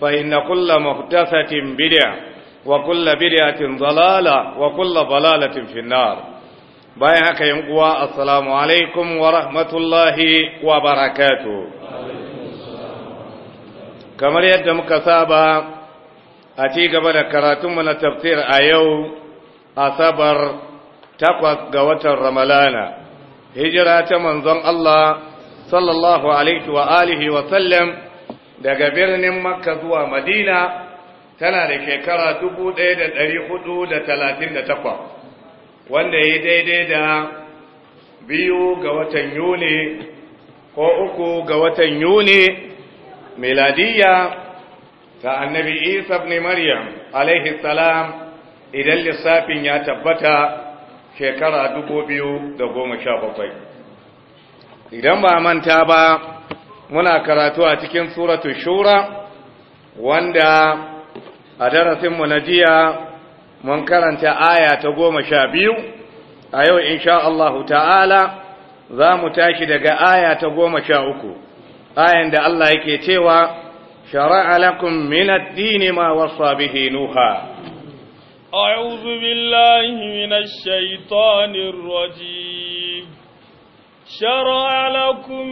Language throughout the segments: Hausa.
فإن كل محدثة بدعة وكل بدعة ضلالة وكل ضلالة في النار باي هكا ينقوى السلام عليكم ورحمة الله وبركاته kamar yadda muka saba a ci gaba da karatunmu na tafsir a yau asabar takwas ga watan Ramadana. hijira ta manzon Allah sallallahu daga birnin makka zuwa madina tana da shekara 1438 wanda ya daidai da biyu ga watan yuni ko uku ga watan yuni miladiyya ta annabi isa ibn maryam alaihi salam idan lissafin ya tabbata shekara 2017 idan ba manta ba muna karatu a cikin suratul shura wanda a darasinmu na jiya mun karanta aya ta goma sha biyu a yau insha Allahu ta'ala za mu tashi daga aya ta goma sha uku ayan da Allah yake cewa shara'a lakum min ad-dini ma wasa bihi nuha a'udhu billahi minash شرع لكم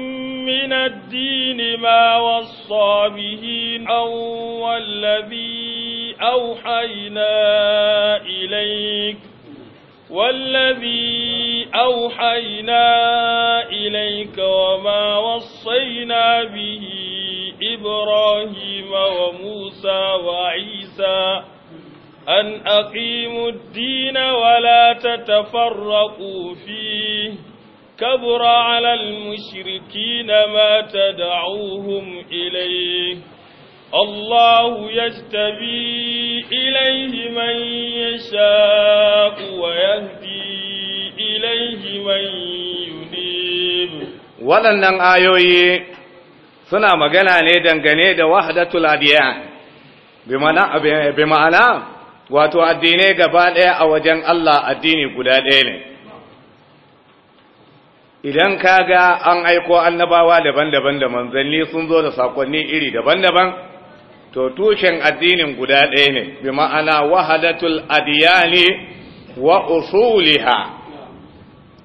من الدين ما وصى به والذي أوحينا إليك والذي أوحينا إليك وما وصينا به إبراهيم وموسى وعيسى أن أقيموا الدين ولا تتفرقوا فيه كبر على المشركين ما تدعوهم إليه الله يجتبي إليه من يشاء ويهدي إليه من ينيب waɗannan ayoyi suna magana ne dangane da wahdatul adiyan bi ma'ana wato addinai gaba ɗaya a wajen Allah addini guda ɗaya ne idan ka ga an aiko annabawa daban-daban da manzanni sun zo da sakonni iri daban-daban to tushen addinin guda ɗaya ne bi ma'ana wahadatul adiyani wa usuliha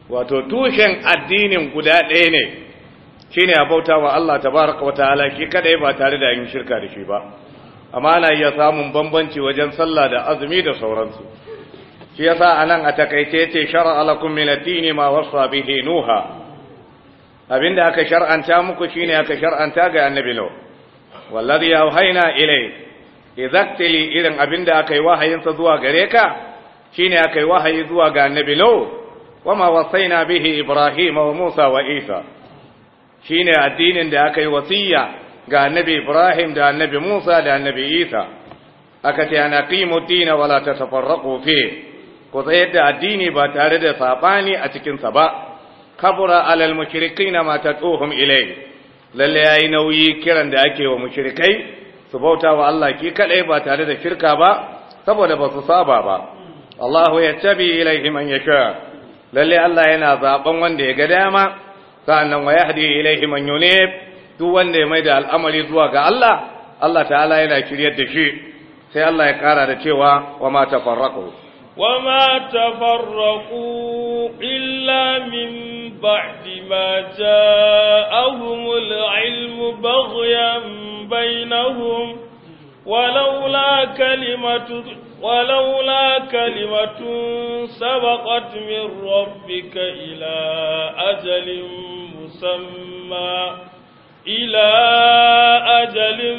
wato tushen addinin guda ɗaya ne shine a bauta wa Allah tabaraka wa ta'ala shi kadai ba tare da yin shirka da shi ba amma ana iya samun bambanci wajen sallah da azumi da sauransu shi yasa anan a takaice ce shar'a lakum min ad-dini ma wasa bihi nuha abinda aka shar'anta muku shine aka shar'anta ga annabi lo wallazi auhayna ilay idaktili irin abinda aka yi wahayin sa zuwa gare ka shine aka yi wahayi zuwa ga annabi lo wama wasaina bihi ibrahim wa musa wa isa shine addinin da aka yi wasiya ga annabi ibrahim da annabi musa da annabi isa aka ce ana qimu dina wala tatafarraqu fihi ku tsayar da addini ba tare da saɓani a cikinsa ba kabura alal mushrikina mata tsohon ilai lalle yayi nauyi kiran da ake wa mushrikai su bauta wa Allah ki kaɗai ba tare da shirka ba saboda ba su saba ba Allahu yattabi ilaihi man yasha lalle Allah yana zaben wanda ya ga dama sannan wa yahdi ilaihi man yunib duk wanda ya mai da al'amari zuwa ga Allah Allah ta'ala yana shiryar da shi sai Allah ya kara da cewa wa mata tafarraqu وما تفرقوا إلا من بعد ما جاءهم العلم بغيا بينهم ولولا كلمة ولولا كلمة سبقت من ربك إلى أجل مسمى إلى أجل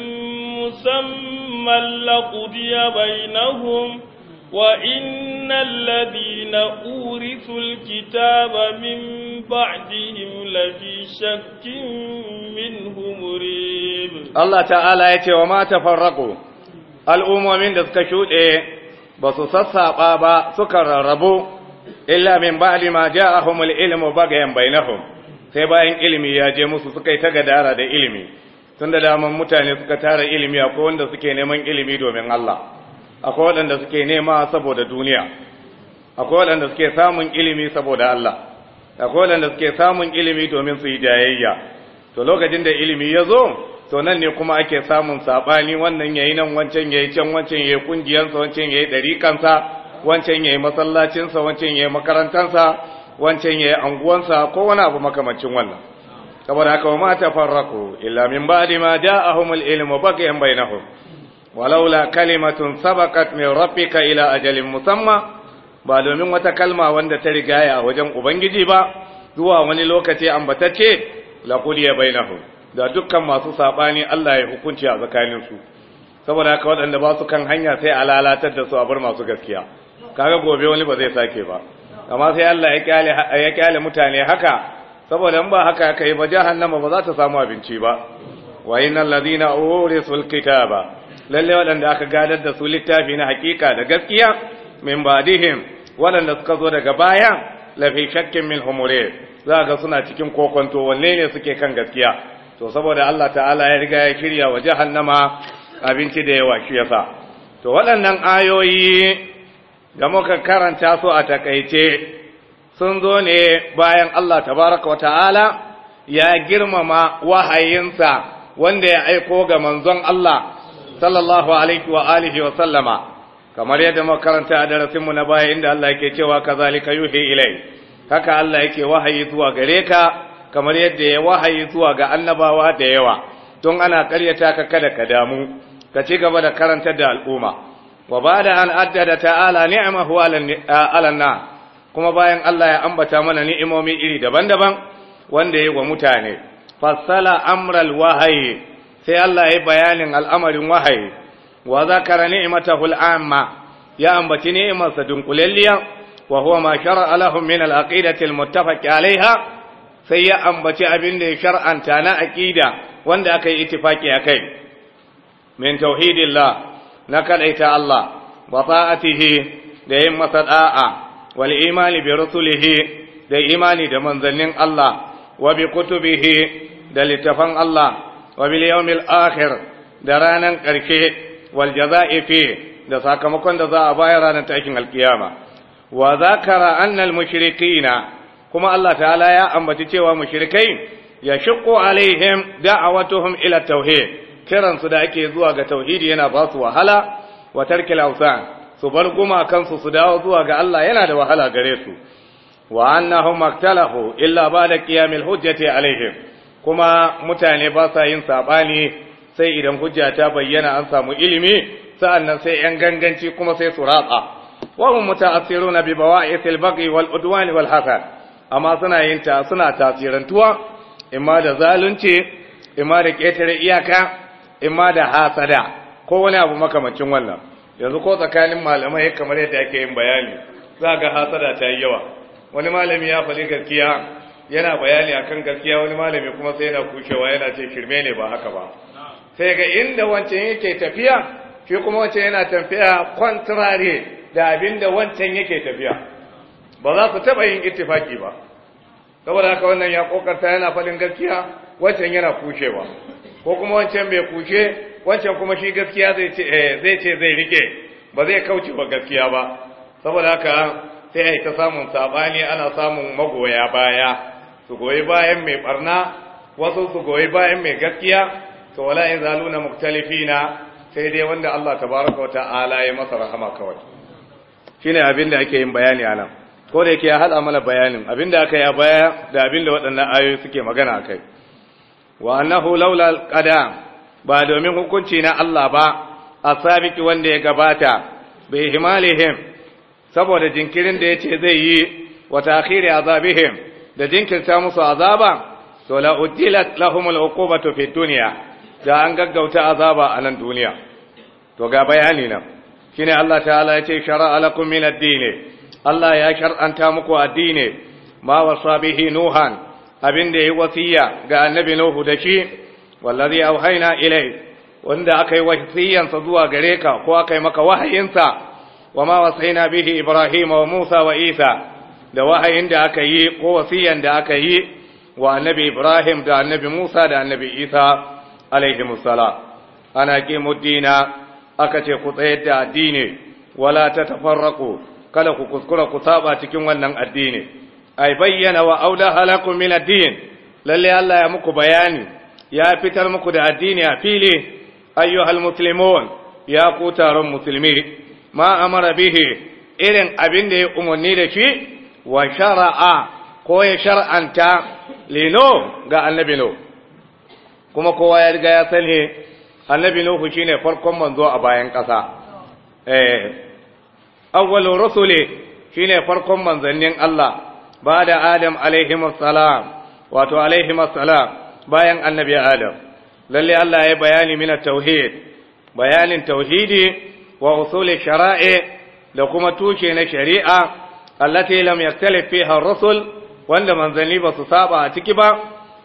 مسمى لقضي بينهم وَإِنَّ الَّذِينَ أُورِثُوا الْكِتَابَ مِنْ بَعْدِهِمْ لَفِي شَكٍّ مِنْهُ مُرِيبٍ الله تعالى يتي وما تفرقوا الأمومين دسكشوت إيه بسو سسابا سكر ربو إلا من بعد ما جاءهم العلم بغيا بينهم sai bayan ilimi ya je musu suka yi ta gadara da ilimi tun da daman mutane suka tara ilimi akwai wanda suke neman ilimi domin Allah akwai waɗanda suke nema saboda duniya akwai waɗanda suke samun ilimi saboda Allah akwai waɗanda suke samun ilimi domin su yi jayayya to lokacin da ilimi ya zo to nan ne kuma ake samun saɓani wannan yayi nan wancan yayi can wancan yayi kungiyansa wancan yayi ɗarikansa wancan yayi masallacinsa wancan yayi makarantansa wancan yayi anguwansa ko wani abu makamancin wannan saboda haka wa ma tafarraqu illa min ba'di ma ja'ahumul ilmu baghyan bainahum walaula kalimatun mai min rabbika ila ajalin musamma ba domin wata kalma wanda ta rigaya wajen ubangiji ba zuwa wani lokaci ambatacce la qudiya bainahum da dukkan masu sabani Allah ya hukunci a tsakaninsu saboda haka waɗanda ba su kan hanya sai a lalatar da su a bar masu gaskiya kaga gobe wani ba zai sake ba amma sai Allah ya kyale ya kyale mutane haka saboda in ba haka kai ba jahannama ba za ta samu abinci ba wa innal ladina urisul lalle waɗanda aka gadar da su littafi na hakika da gaskiya min ba'dihim waɗanda suka zo daga baya fi shakkin min humure za ga suna cikin kokonto wanne ne suke kan gaskiya to saboda Allah ta'ala ya riga ya shirya wa jahannama abinci da yawa shi yasa to waɗannan ayoyi da muka karanta su a takaice sun zo ne bayan Allah tabaraka wa ta'ala ya girmama wahayinsa wanda ya aiko ga manzon Allah sallallahu alaihi wa alihi wa sallama kamar yadda makaranta a darasin mu na baya inda Allah yake cewa kazalika yuhi ilai haka Allah yake wahayi zuwa gare ka kamar yadda ya wahayi zuwa ga annabawa da yawa don ana karyata ka kada ka damu ka ci gaba da karanta da al'umma wa bada an addada ta'ala ni'amahu ala na kuma bayan Allah ya ambata mana ni'imomi iri daban-daban wanda ya wa mutane fassala amral wahayi sai Allah ya yi bayanin al'amarin wahayi wa zakara ni'matahu al'amma ya ambaci ni'imarsa dunkulalliya wa huwa ma shar'a lahum min al-aqidati al-muttafaq sai ya ambaci abin da ya shar'anta na aƙida wanda aka yi a kai min tauhidillah na kaɗaita Allah wa ta'atihi da yin masa ɗa'a, wal imani bi rusulihi da imani da manzannin Allah wa bi kutubihi da littafan Allah wa bil yawmil akhir da ranan karshe wal jazaa'i fi da sakamakon da za a bayar ranar takin alkiyama wa zakara anna al mushrikina kuma Allah ta'ala ya ambaci cewa mushrikai yashqu alaihim da'awatuhum ila tauhid kiran su da ake zuwa ga tauhidi yana ba su wahala wa tarkil awsan su bar guma kansu su dawo zuwa ga Allah yana da wahala gare su wa annahum maktalahu illa ba'da qiyamil hujjati alaihim kuma mutane ba sa yin saɓani sai idan hujja ta bayyana an samu ilimi sa'annan sai ‘yan ganganci kuma sai su ratsa wa hum muta'assiruna na bibawa isil wal udwan wal haka amma suna yin ta suna tasirantuwa imma da zalunci imma da ketare iyaka imma da hasada ko wani abu makamancin wannan yanzu ko tsakanin malamai kamar yadda ake yin bayani za ga hasada ta yi yawa wani malami ya faɗi gaskiya yana bayani akan gaskiya wani malami kuma sai yana kushewa yana ce shirme ne ba haka ba sai ga inda wancan yake tafiya shi kuma wancan yana tafiya contrary da abinda wancan yake tafiya ba za su taba yin ittifaki ba saboda haka wannan ya kokarta yana falin gaskiya wancan yana kushewa ko kuma wancan bai kushe wancan kuma shi gaskiya zai ce eh, zai ce zai rike ba zai kauce ba gaskiya ba saboda haka sai ai ta samun sabani ana samun magoya baya su goyi bayan mai barna wasu su goyi bayan mai gaskiya to wala yazaluna muktalifina sai dai wanda Allah tabaraka wataala ya masa rahama kawai shine abin da ake yin bayani anan ko da yake ya hada mana bayanin abin da aka yi baya da abin da waɗannan ayoyi suke magana akai wa annahu laula alqada ba domin hukunci na Allah ba asabiki wanda ya gabata bi himalihim saboda jinkirin da yace zai yi wa ta'khiri azabihim da jinkirta musu azaba to la ujilat lahum al-uqubatu fi dunya da an gaggauta azaba a nan duniya to ga bayani nan shine Allah ta'ala ya ce shar'a lakum min ad-din Allah ya shar'anta muku addini ma wasa bihi nuhan abinda yayi wasiya ga annabi nuhu da shi wallazi auhayna ilayhi wanda aka yi wasiyansa zuwa gare ka ko aka yi maka wahayinsa wa ma wasaina bihi ibrahima wa musa wa isa da wahayin da aka yi ko wasiyan da aka yi wa annabi Ibrahim da annabi Musa da annabi Isa alaihi musala ana mudina aka ce ku tsayar da addini wala ta tafarraku kada ku kuskura ku saba cikin wannan addini ai bayyana wa auda halakum min addin lalle Allah ya muku bayani ya fitar muku da addini a fili ayyuhal muslimun ya ku taron musulmi ma amara bihi irin abin da ya umarni da shi wa shara'a ko ya shar'anta lino ga annabi no kuma kowa ya riga ya sani annabi nuhu shine farkon manzo a bayan ƙasa eh awwalur rusuli shine farkon manzannin Allah ba Adam alaihi salam wato alaihi salam bayan annabi Adam lalle Allah ya bayani mina tauhid bayanin tauhidi wa usuli shara'i da kuma tuke na shari'a allati lam yaktalif fiha wanda manzanni ba su saba a ciki ba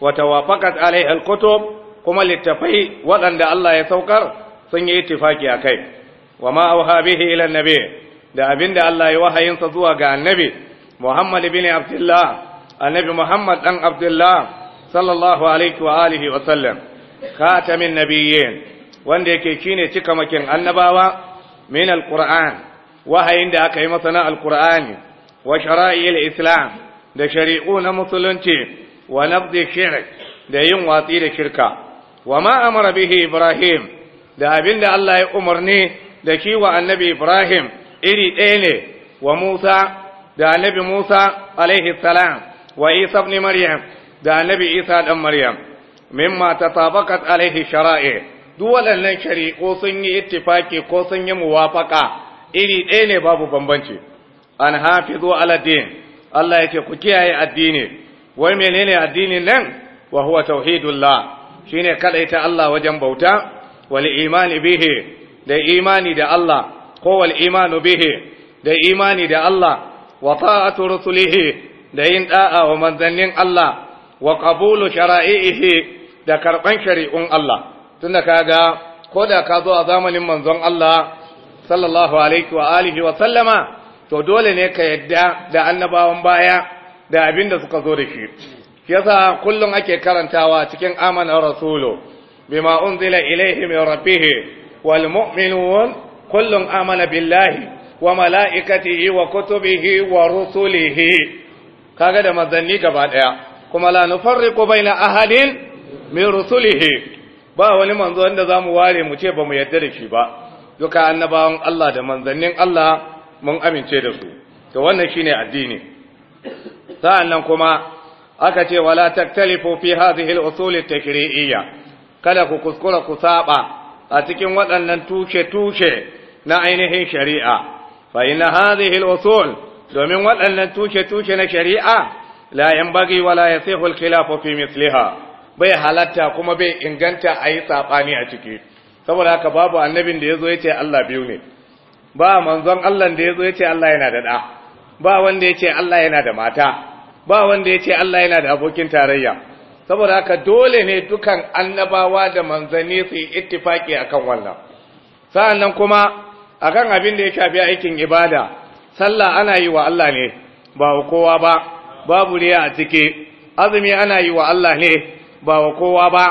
wa tawafaqat alaiha al kuma littafai waɗanda Allah ya saukar sun yi ittifaki akai wa ma auha bihi ila nabi da abinda Allah ya wahayinsa zuwa ga annabi Muhammad ibn Abdullah annabi Muhammad dan Abdullah sallallahu alaihi wa alihi wa sallam nabiyyin wanda yake shine cika makin annabawa min alquran wahayin da aka yi masa na alqur'ani wa shara'il islam da shari'u na musulunci wa nabdi shirk da yin watsi da shirka wa ma bihi ibrahim da abinda Allah ya umarni da shi wa annabi ibrahim iri ɗaya ne wa musa da annabi musa alaihi salam wa isa ni maryam da annabi isa dan maryam mimma tatabaqat alaihi shara'i duk waɗannan shari'u sun yi ittifaki ko sun yi muwafaka iri ɗaya ne babu bambanci an hafizu al'addi. Allah Allah yake ku kiyaye addini wai menene addinin nan wa huwa tauhidullah shine kadaita Allah wajen bauta wal imani bihi da imani da Allah ko wal imanu bihi da imani da Allah wa ta'atu rusulihi da yin da'a wa manzannin Allah wa qabulu shara'ihi da karban shari'un Allah tunda kaga ko da ka zo a zamanin manzon Allah sallallahu alaihi wa alihi wa sallama to dole ne ka yadda da annabawan baya da abin da suka zo da shi yasa kullum ake karantawa cikin amana rasulu bima unzila ilayhi min rabbih wal mu'minun kullun amana billahi wa malaikatihi wa kutubihi wa rusulihi kaga da mazanni gaba daya kuma la nufarriqu baina ahadin min rusulihi ba wani manzo wanda zamu ware mu ce bamu yarda da shi ba duka annabawan Allah da manzannin Allah mun amince da su to wannan shine addini sa'annan kuma aka ce wala taktalifu fi hadhihi al-usul at-takri'iyya kada ku kuskura ku saba a cikin waɗannan tushe tushe na ainihin shari'a fa inna hadhihi al-usul domin waɗannan tushe tushe na shari'a la yanbaghi wala yasihu al-khilafu fi misliha bai halatta kuma bai inganta ayi sabani a ciki saboda haka babu annabin da yazo yace Allah biyu ne ba manzon Allah da ya yazo yace Allah yana da ɗa ba wanda yace Allah yana da mata ba wanda yace Allah yana da abokin tarayya saboda haka dole ne dukan annabawa da manzanni su yi ittifaki akan wannan nan kuma akan abin da ya shafi aikin ibada sallah ana yi wa Allah ne ba kowa ba babu riya a cike azumi ana yi wa Allah ne ba wa kowa ba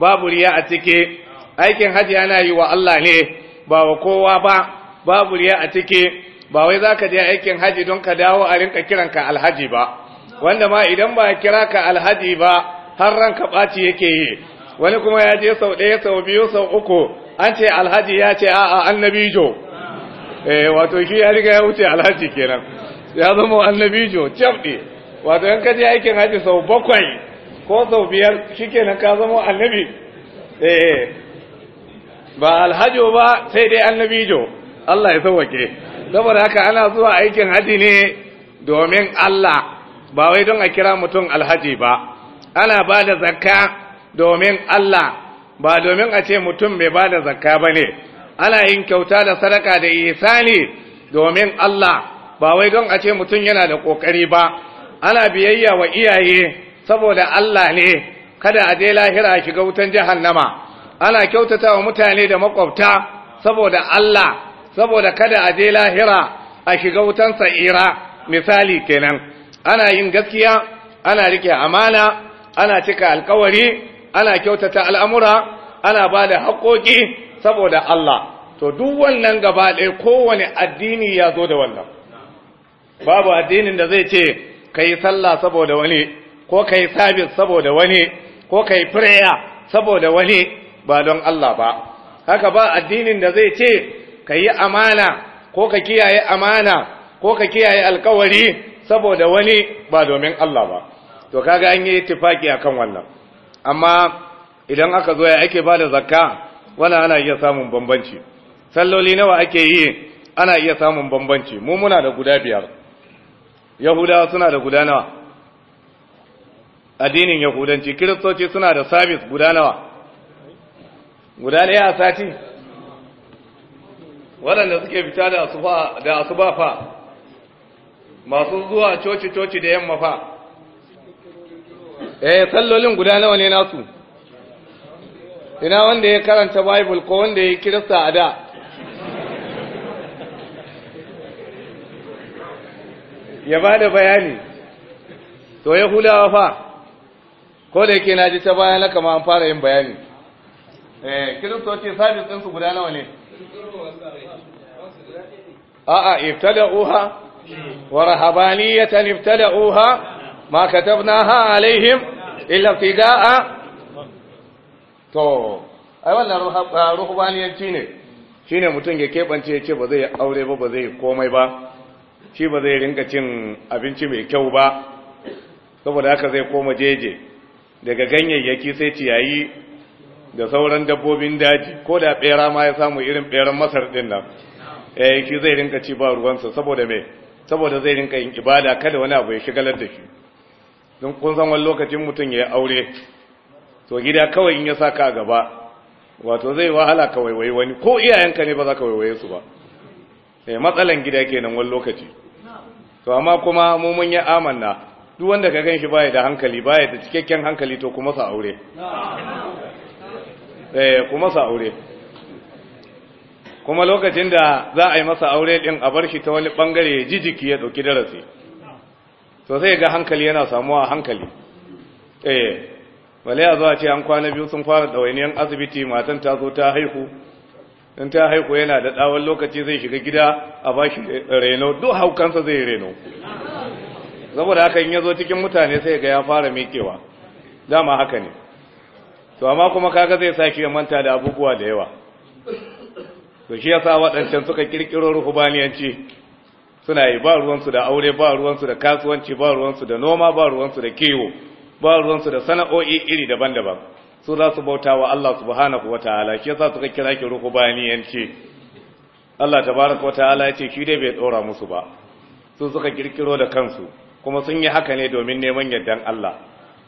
babu riya a cike aikin hajji ana yi wa Allah ne ba wa kowa ba babu riya a cike ba wai za je aikin haji don ka dawo a rinka kiranka alhaji ba wanda ma idan ba kira ka alhaji ba har ranka ɓaci yake yi wani kuma ya je sau ɗaya sau biyu sau uku an ce alhaji ya ce a'a annabijo eh wato shi ya riga ya wuce alhaji kenan ya zama annabijo jamɗe wato yan ka je aikin haji sau bakwai ko sau biyar shi kenan ka zama annabi eh ba alhajo ba sai dai annabijo Allah ya sauwake saboda haka ana zuwa aikin haji ne domin Allah ba wai don a kira mutum alhaji ba ana ba da zakka domin Allah ba domin a ce mutum mai ba da zakka ba ne ana yin kyauta da sadaka da isani domin Allah ba wai don a ce mutum yana da ƙoƙari ba ana biyayya wa iyaye saboda Allah ne kada a je lahira a shiga wutan jahannama ana kyautata wa mutane da makwabta saboda Allah saboda kada a je lahira a shiga wutan sa'ira misali kenan ana yin gaskiya ana rike amana ana cika alkawari ana kyautata al'amura ana ba da haƙoƙi saboda Allah to duk wannan gaba ɗaya kowane addini ya zo da wannan babu addinin da zai ce ka yi sallah saboda wani ko ka yi sabis saboda wani ko ka yi prayer saboda wani ba don Allah ba haka ba addinin da zai ce ka yi amana ko ka kiyaye amana ko ka kiyaye alkawari saboda wani ba domin Allah ba to kaga an yi tifaki akan wannan amma idan aka zo ya ake bada zakka wala ana iya samun bambanci salloli nawa ake yi ana iya samun bambanci mu muna da guda biyar yahudawa suna da guda nawa addinin yahudanci kiristoci suna da sabis guda nawa guda ɗaya a sati waɗanda suke fita da asuba fa masu zuwa coci-coci da yamma fa eh sallolin guda nawa ne nasu ina wanda ya karanta bible ko wanda ya kirista a da ya ba da bayani to ya hulawa fa ko da yake na ji ta bayan na kama an fara yin bayani eh kiristoci sabis ɗinsu guda nawa ne a'a ibtada'uha wa rahabaniyatan ibtada'uha ma katabnaha alaihim illa ibtida'a to ai wannan ruhbaniyanci ne shine mutum ya kebance ya ce ba zai aure ba ba zai komai ba shi ba zai rinka cin abinci mai kyau ba saboda haka zai koma jeje daga ganyayyaki sai ciyayi da sauran dabbobin daji ko da bera ma ya samu irin beran masar din nan eh shi zai rinka ci ba ruwansa saboda me saboda zai rinka yin ibada kada wani abu ya shigalar da shi don kun san wani lokacin mutum ya aure to gida kawai in ya saka a gaba wato zai wahala ka waiwaye wani ko iyayenka ne ba za ka waiwaye su ba eh matsalan gida kenan wani lokaci to amma kuma mu mun yi amanna duk wanda ka ganshi baya da hankali baya da cikakken hankali to kuma sa aure Eh, ku masa aure kuma lokacin da za a yi masa aure din a bar shi ta wani bangare jiki ya dauki darasi to sai ga hankali yana samuwa hankali eh wale a zuwa ce an kwana biyu sun fara ɗawainiyar asibiti matan ta zo ta haihu in ta haihu yana da ɗawon lokaci zai shiga gida a ba shi reno duk haukansa zai reno saboda haka in ya zo cikin mutane sai ga ya fara miƙewa dama haka ne to amma kuma kaga zai sake ya manta da abubuwa da yawa to shi yasa waɗancan suka kirkiro ruhubaniyanci suna yi ba ruwansu da aure ba ruwansu da kasuwanci ba ruwansu da noma ba ruwansu da kiwo ba ruwansu da sana'o'i iri daban-daban su za su bauta wa Allah subhanahu wataala shi yasa suka kira ki ruhubaniyanci Allah tabaraka wataala ya ce shi dai bai dora musu ba su suka kirkiro da kansu kuma sun yi haka ne domin neman yardan Allah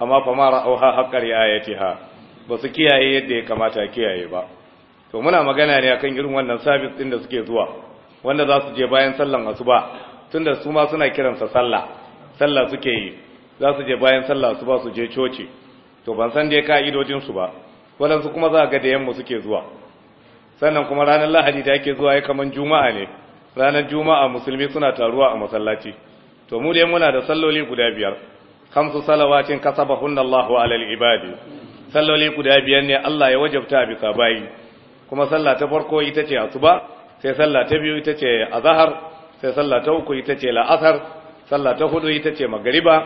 amma fa haƙar ya haqqar ayatiha ba su kiyaye yadda ya kamata kiyaye ba to muna magana ne akan irin wannan sabis din da suke zuwa wanda za su je bayan sallan asuba tunda su ma suna kiransa sallah sallah suke yi za su je bayan sallah asuba su je coci to ban san dai ka'idojin su ba wadansu kuma za ga da yamma suke zuwa sannan kuma ranar lahadi da ake zuwa ya kaman juma'a ne ranar juma'a musulmi suna taruwa a masallaci to mu dai muna da salloli guda biyar khamsu salawatin kasabahunna Allahu alal ibadi salloli guda biyar ne Allah ya wajabta bisa bayi kuma sallah ta farko ita ce asuba sai sallah ta biyu ita ce azhar sai sallah ta uku ita ce la'asar sallah ta hudu ita ce magriba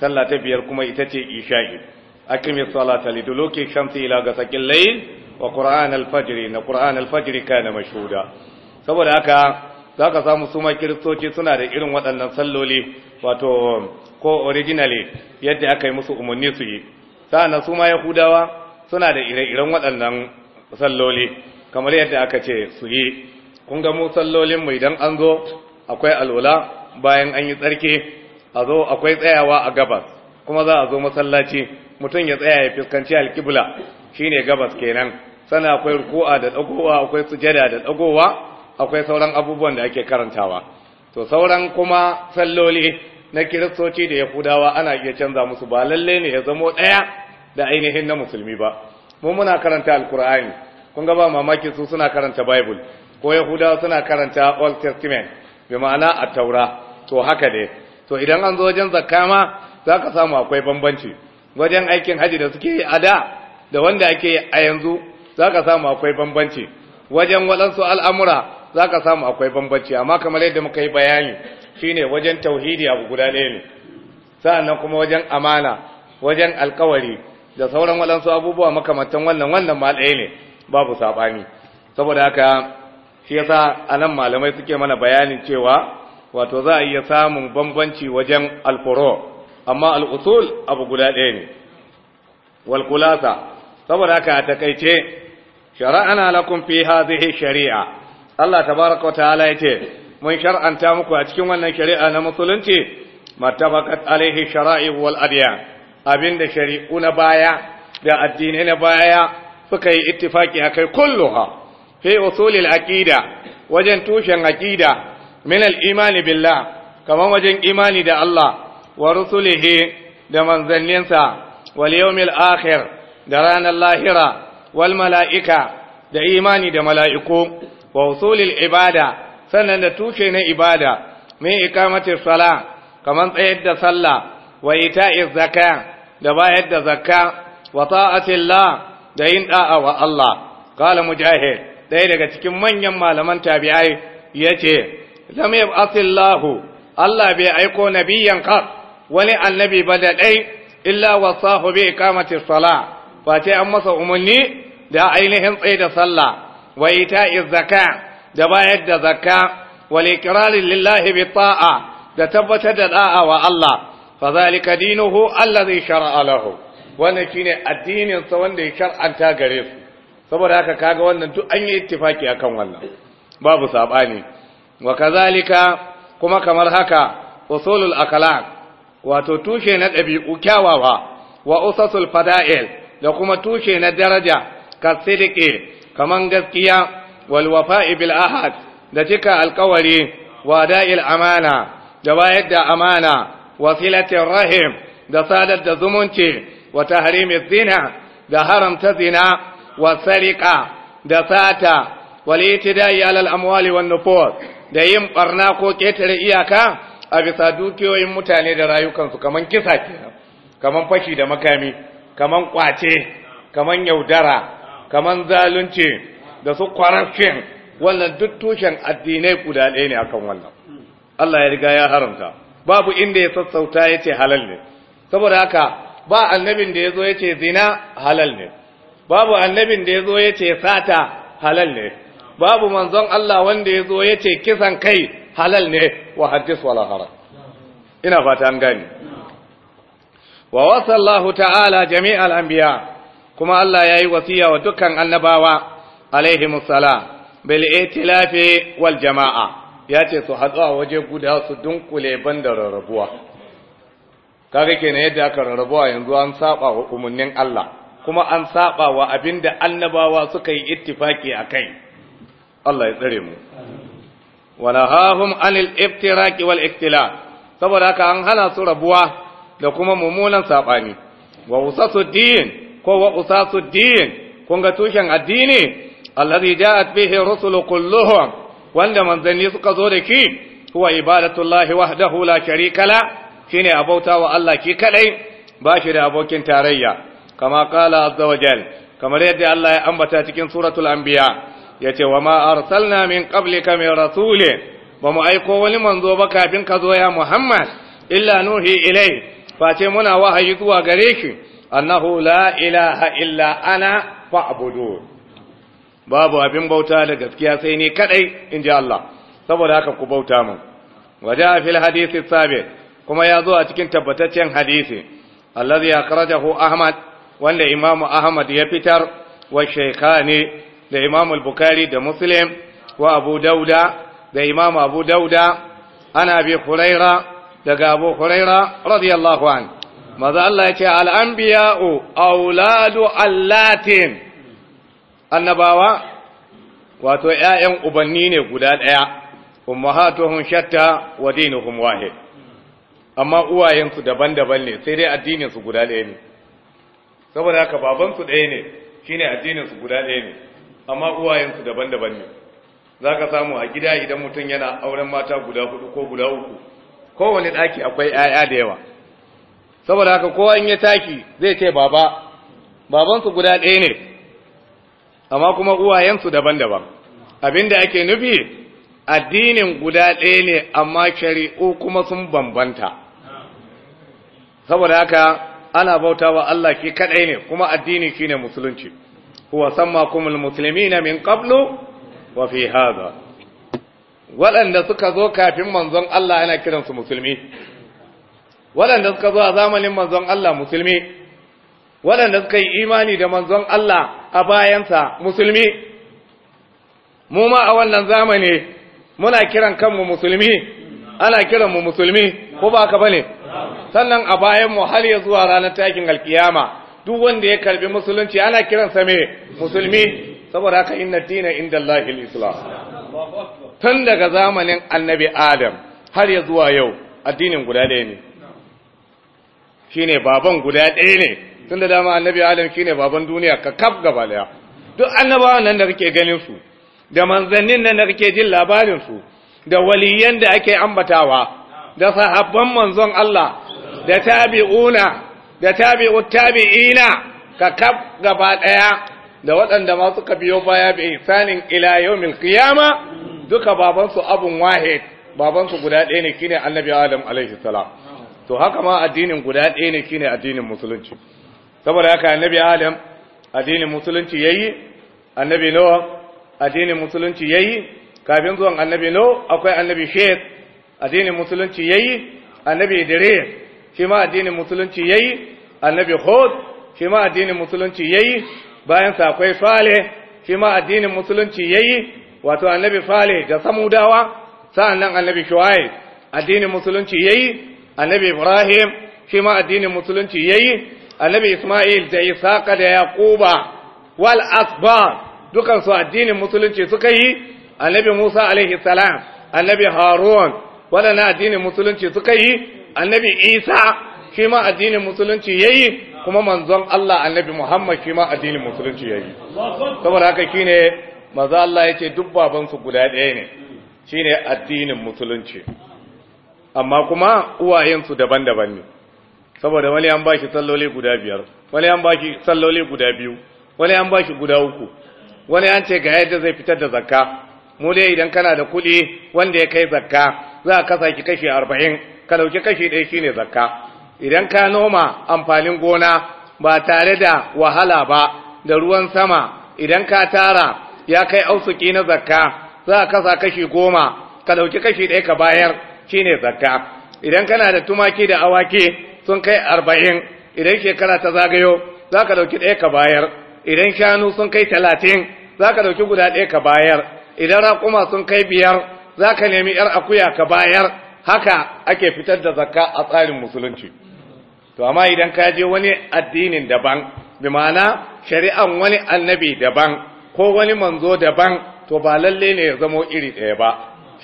sallah ta biyar kuma ita ce isha'i akimi salata liduluki shamsi ila gasaqil layl wa qur'an al-fajr na qur'an al-fajr kana mashhuda saboda haka zaka samu suma kiristoci suna da irin waɗannan salloli wato ko originally yadda aka yi musu umarni su yi sa’an su ma yahudawa suna da ire-iren waɗannan salloli kamar yadda aka ce su yi kun ga mu sallolin mu idan an zo akwai alwala bayan an yi tsarki a zo akwai tsayawa a gabas kuma za a zo masallaci mutum ya tsaya ya fuskanci alkibla shine gabas kenan sana akwai ruku'a da dagowa akwai sujada da dagowa akwai sauran abubuwan da ake karantawa to sauran kuma salloli na kiristoci da yahudawa ana iya canza musu ba lalle ne ya zamo ɗaya da ainihin na musulmi ba mu muna karanta alkur'ani kun ga ba mamaki su suna karanta bible ko yahudawa suna karanta old testament bi ma'ana a taura to haka dai to idan an zo wajen zakka ma za ka samu akwai bambanci wajen aikin haji da suke yi a da da wanda ake yi a yanzu za ka samu akwai bambanci wajen wadansu al'amura za ka samu akwai bambanci amma kamar yadda muka yi bayani shine wajen tauhidi abu guda ɗaya ne sa'annan kuma wajen amana wajen alkawari da sauran waɗansu abubuwa makamantan wannan wannan ma ne babu saɓani saboda haka shi yasa anan malamai suke mana bayanin cewa wato za a iya samun bambanci wajen alfuro amma al'usul abu guda ɗaya ne walkulasa saboda haka a takaice shari'ana lakum fi hadhihi shari'a Allah tabaraka wa ta'ala yace mun shar'anta muku a cikin wannan shari'a na musulunci mattabaqat alaihi shara'i wal adyan Abin da shari'u na baya da addinai na baya suka yi ittifaki akai kulluha fi usulil aqida wajen tushen aqida min al-imani billah kaman wajen imani da Allah wa rusulihi da manzanninsa wal yawmil akhir da ranar lahira wal mala'ika da imani da mala'iku wa usulil ibada sannan da tushe na ibada min iqamatis sala kaman tsayar da sallah wa ita'iz zakah da bayar da zakka wa ta'atillah da yin da'a wa Allah qala mujahid ɗaya daga cikin manyan malaman tabi'ai yace lam yab'athillahu Allah bai aiko nabiyyan ka wani annabi ba da dai illa wasahu bi iqamati salah fa an masa umarni da ainihin tsaye da sallah wa ita'iz zakka da bayar da zakka wa iqrar lillahi bi ta'a da tabbatar da da'a wa Allah fa zalika Allah zai shar'a wannan shine addinin wanda ya shar'anta gare su saboda haka kaga wannan duk an yi ittifaki akan wannan babu sabani wa kazalika kuma kamar haka usulul akhlaq wato tushe na dabi'u kyawawa wa usasul fada'il da kuma tushe na daraja kasidike kaman gaskiya wal wafa'i bil ahad da cika alkawari wa da'il amana da bayar da amana wa filatin rahim da sadar da zumunci wa tahrimi zina da haramta zina wa sarika da sata wal itidai alal amwali wan nufus da yin barna ko ketare iyaka a bisa dukiyoyin mutane da rayukansu kaman kisa kenan kaman fashi da makami kaman kwace kaman yaudara kaman zalunci da su corruption wannan tushen addinai guda ɗaya ne akan wannan Allah ya riga ya haramta babu inda ya sassauta ya ce halal ne saboda haka ba annabin da ya zo ya ce zina halal ne babu annabin da ya zo ya ce sata halal ne babu manzon Allah wanda ya zo ya ce kisan kai halal ne wa hadis wala hara ina fata an gani wa wasallahu ta'ala jami'al anbiya kuma Allah yayi wasiya wa dukkan annabawa alaihimus salam bil itilafi wal jama'a ya ce su hatsu a waje guda su dunkule ban da rarrabuwa ke na yadda aka rarrabuwa yanzu an saba wa umarnin Allah kuma an saba wa abinda annabawa suka yi ittifaki kai. Allah ya tsare mu walahahum anil iftiraki wal iktila saboda haka an hana su rabuwa da kuma mummunan saɓani? wa diyin, ko wa usasuddin kun ga tushen addini allazi ja'at bihi rusulu kulluhum wanda manzanni suka zo da ki huwa ibadatullahi wahdahu la sharika la shine abauta wa Allah ki kadai ba shi da abokin tarayya kama qala azza wajal kamar yadda Allah ya ambata cikin suratul anbiya yace wa ma arsalna min qablika min rasuli ba mu aiko wani manzo ba kafin ka zo ya Muhammad illa nuhi ilai face muna wahayi zuwa gare ki annahu la ilaha illa ana fa'budun babu abin bauta da gaskiya sai ni kadai in ji Allah saboda haka ku bauta mu a fil hadisi sabi kuma ya zo a cikin tabbataccen hadisi allazi akhrajahu ahmad wanda imam ahmad ya fitar wa shaykhani da imam'u al-bukhari da muslim wa abu dauda da imam abu dauda ana bi huraira daga abu huraira radiyallahu an maza Allah ya ce al-anbiya'u auladu allatin annabawa wato ‘ya'yan ubanni ne guda ɗaya ummahatuhum shatta wa dinuhum wahid amma uwayensu daban-daban ne sai dai addinin su guda ɗaya ne saboda haka babansu ɗaya ne shine su guda ɗaya ne amma uwayensu daban-daban ne za ka samu a gida idan mutum yana auren mata guda hudu ko guda uku kowane ɗaki akwai 'ya'ya da yawa saboda haka kowa in ya taki zai ce baba babansu guda ɗaya ne amma kuma uwayensu daban-daban abinda ake nufi addinin guda ɗaya ne amma shari'u kuma sun bambanta saboda haka ana bauta wa Allah ki kaɗai ne kuma addini shine musulunci huwa musulmi muslimina min qablu wa fi hadha waɗanda suka zo kafin manzon Allah yana kiransu musulmi waɗanda suka zo a zamanin manzon Allah musulmi waɗanda suka yi imani da manzon Allah a bayansa musulmi mu ma a wannan zamani muna kiran kanmu musulmi ana kiran mu musulmi ko ba ka bane sannan a bayanmu mu har ya zuwa ranar takin alkiyama duk wanda ya karbi musulunci ana kiransa me musulmi saboda haka inna dina inda Allahil Islam tun daga zamanin annabi Adam har ya zuwa yau addinin guda ɗaya ne shine baban guda ɗaya ne tun da dama annabi adam shine baban duniya ka kaf gaba daya duk annabawa nan da kake ganin su da manzannin nan da kake jin labarin su da waliyan da ake ambatawa da sahabban manzon Allah da tabi'una da tabi'ut tabi'ina ka kaf gaba daya da waɗanda ma suka biyo baya bi ihsanin ila yawmil qiyama duka baban su abun wahid baban su guda ɗaya ne shine annabi adam alaihi salam to haka ma addinin guda ɗaya ne shine addinin musulunci saboda haka annabi adam addinin musulunci yayi annabi noah addinin musulunci yayi kafin zuwan annabi no akwai annabi shet addinin musulunci yayi annabi idris shi ma addinin musulunci yayi annabi hud shi ma addinin musulunci yayi bayan sa akwai fale shi ma addinin musulunci yayi wato annabi fale da samudawa sa'annan annabi shuaib addinin musulunci yayi annabi ibrahim shi ma addinin musulunci yayi annabi Isma'il da Isaka da Yaquba wal asbar dukan su addinin musulunci suka yi annabi Musa alaihi salam annabi Harun na addinin musulunci suka yi annabi Isa shi ma addinin musulunci yayi kuma manzon Allah annabi Muhammad shi ma addinin musulunci yayi saboda haka shine maza Allah yace duk baban su guda ɗaya ne shine addinin musulunci amma kuma uwayensu daban-daban ne saboda wani an ba shi salloli guda biyar wani an ba shi salloli guda biyu wani an ba shi guda uku wani an ce ga yadda zai fitar da zakka mu dai idan kana da kuɗi wanda ya kai zakka za a kasa ki kashi arba'in ka ɗauki kashi ɗaya shine zakka idan ka noma amfanin gona ba tare da wahala ba da ruwan sama idan ka tara ya kai ausuki na zakka za a kasa kashi goma ka ɗauki kashi ɗaya ka bayar shine zakka idan kana da tumaki da awaki sun kai arba'in idan shekara ta zagayo za ka ɗauki ɗaya ka bayar idan shanu sun kai talatin za ka ɗauki guda ɗaya ka bayar idan raƙuma sun kai biyar za ka nemi ‘yar akuya ka bayar haka ake fitar da zakka a tsarin musulunci to amma idan ka je wani addinin daban bi ma'ana shari'an wani annabi daban ko wani manzo daban to ba lalle ne ya zamo iri ɗaya ba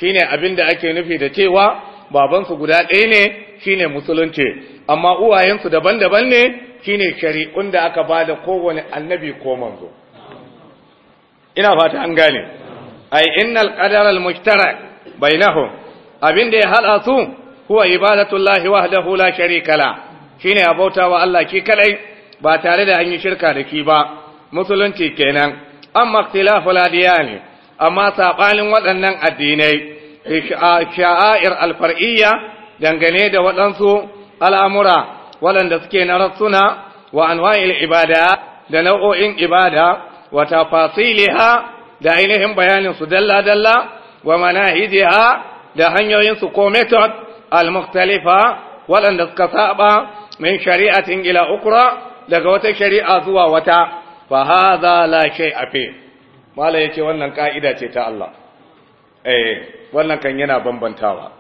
shine abin da ake nufi da cewa babansu guda ɗaya ne shine musulunci amma uwayensu daban-daban ne shine shari'un da aka ba da kowane annabi ko manzo ina fata an gane ai innal qadara al mushtarak bainahum abin da ya hada su huwa ibadatullahi wahdahu la sharika la shine abauta wa Allah ki kadai ba tare da an yi shirka da ki ba musulunci kenan amma ikhtilaful adiyani amma sabanin waɗannan addinai sha'air al-far'iyya dangane da waɗansu al'amura waɗanda suke na rassuna wa anwa'il ibada da nau'o'in ibada wa tafasiliha da ainihin bayanin su dalla-dalla wa manahijiha da hanyoyinsu ko method al-mukhtalifa waɗanda suka saba min shari'atin ila ukra daga wata shari'a zuwa wata fa hadha la shay'a fi mala yace wannan ka'ida ce ta Allah eh wannan kan yana bambantawa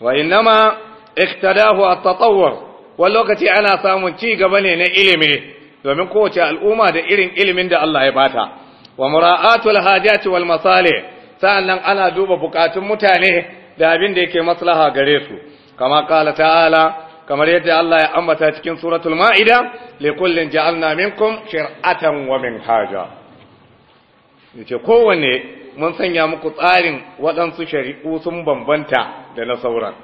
wa innama iktadahu at-tatawwur wani lokaci ana samun ci gaba ne na ilimi domin kowace al'umma da irin ilimin da Allah ya bata wa mura'atul hajati wal masalih sa'annan ana duba bukatun mutane da abin da yake maslaha gare su kama qala ta'ala kamar yadda Allah ya ambata cikin suratul ma'ida likullin ja'alna minkum shir'atan wa minhaja yace kowanne mun sanya muku tsarin waɗansu shari'u sun bambanta da na sauran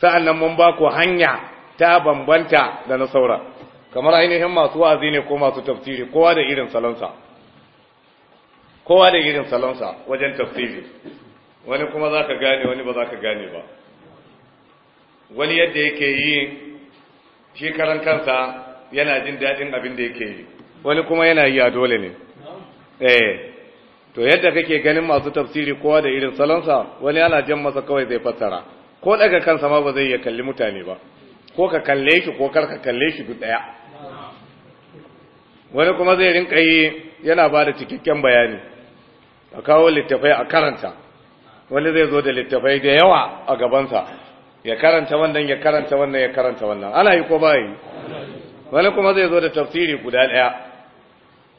sa'an nan mun ba ku hanya ta bambanta da na sauran kamar ainihin masu wa'azi ne ko masu tafsiri kowa da irin salonsa kowa da irin salonsa wajen tafsiri wani kuma za ka gane wani ba za ka gane ba wani yadda yake yi shi karan kansa yana jin daɗin abin da yake yi wani kuma yana yi a dole ne eh to yadda kake ganin masu tafsiri kowa da irin salonsa wani ana jan masa kawai zai fassara ko daga kansa ma ba zai iya kalli mutane ba ko ka kalle shi ko kar ka kalle shi duk daya wani kuma zai rinka yi yana ba da cikakken bayani a kawo littafai a karanta wani zai zo da littafai da yawa a gabansa ya karanta wannan ya karanta wannan ya karanta wannan ana yi ko ba yi wani kuma zai zo da tafsiri guda ɗaya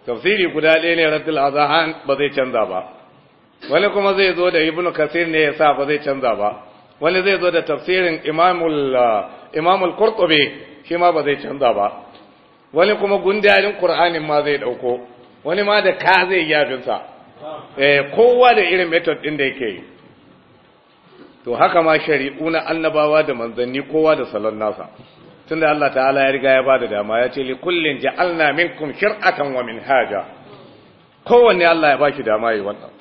tafsiri guda ɗaya ne raddul azahan ba zai canza ba wani kuma zai zo da ibnu kasir ne ya sa ba zai canza ba wani zai zo da tafsirin imamul imamul qurtubi shi ma ba zai canza ba wani kuma gundarin qur'anin ma zai dauko wani ma da ka zai yafin sa eh kowa da irin method ɗin da yake yi to haka ma shari'u na annabawa da manzanni kowa da salon nasa tunda Allah ta'ala ya riga ya bada dama ya ce li kullin ja'alna minkum shir'atan wa minhaja kowanne Allah ya baki dama yi wannan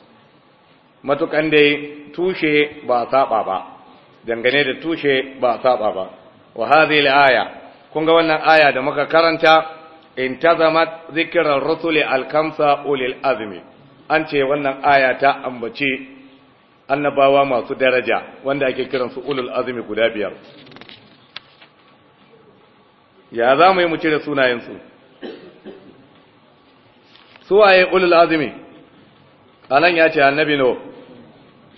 matukan dai tushe ba saba ba dangane da tushe ba saba ba wa hadhihi al-aya kun ga wannan aya da muka karanta intazamat zikiran rasuli al-kamsa ulil azmi an ce wannan aya ta ambace annabawa masu daraja wanda ake kiransu ulul azmi guda biyar ya za mu yi mu cire sunayensu waye ulul azumi a nan ya ce annabi no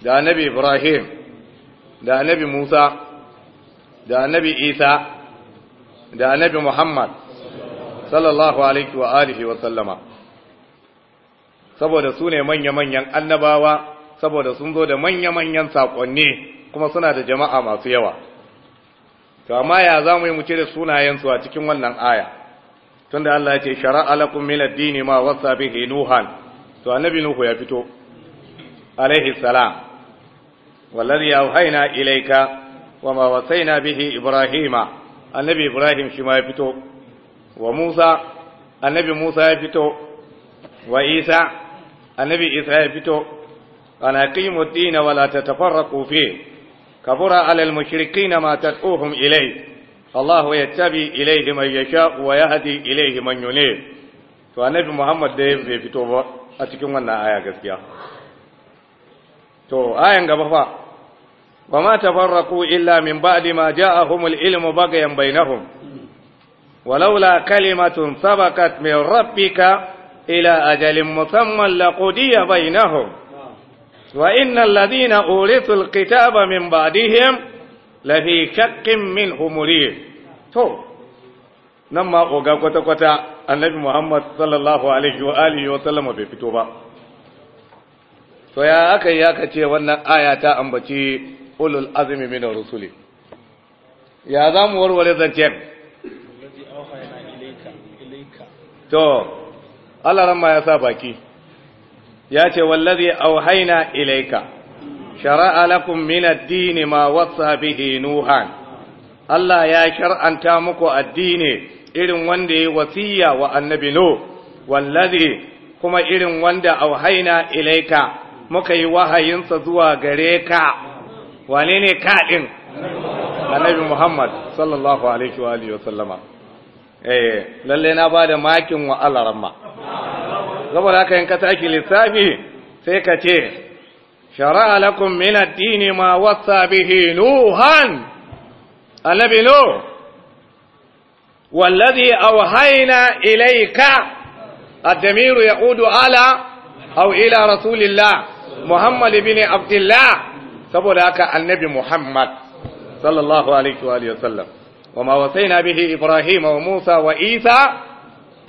da annabi ibrahim da annabi musa da annabi isa da annabi muhammad sallallahu alaihi wa alihi wa sallama saboda su ne manya-manyan annabawa saboda sun zo da manya-manyan saƙonni kuma suna da jama'a masu yawa to amma ya za mu yi mu cire sunayensu a cikin wannan aya tunda Allah ya ce shara'a lakum min ad-dini ma wasa bihi nuhan to annabi nuhu ya fito alaihi salam wallazi auhayna ilayka wa ma wasaina bihi ibrahima annabi ibrahim shi ma ya fito wa musa annabi musa ya fito wa isa annabi isa ya fito ana qimu ad-din wa la tatafarraqu fihi كفر على المشركين ما تدعوهم إليه الله يتبي إليه من يشاء ويهدي إليه من ينيب فالنبي محمد ديب في توبة أتكلم عن آية كثيرة تو آية قبفا وما تفرقوا إلا من بعد ما جاءهم العلم بغيا بينهم ولولا كلمة سبقت من ربك إلى أجل مسمى لقضي بينهم wa innal ladina urithul kitaba min ba'dihim lafi shakkin min humuri to nan ma oga kwata-kwata annabi muhammad sallallahu alaihi wa alihi wa sallama bai fito ba to ya aka yi aka wannan aya ta ambaci ulul azumi min rusuli ya za mu warware zancen to Allah ma ya sa baki ya ce wallazi auhaina ilaika shara'a lakum min ad-din ma wasa bihi nuhan Allah ya shar'anta muku addini irin wanda ya wasiya wa annabi no wallazi kuma irin wanda auhaina ilaika muka yi wahayinsa zuwa gare ka wane ne ka din annabi Muhammad sallallahu alaihi wa alihi wa sallama eh lalle na bada makin wa saboda aka yanka saki lissafi sai ka ce shara alakun minaddini ma wasa bihi nuhan annabi no wallazi awhayna ilayka addamiru yaudu ala aw ila rasulillah muhammad ibn abdullah saboda aka annabi muhammad sallallahu alaihi wa sallam wa ma wasaina bihi ibrahim wa musa wa isa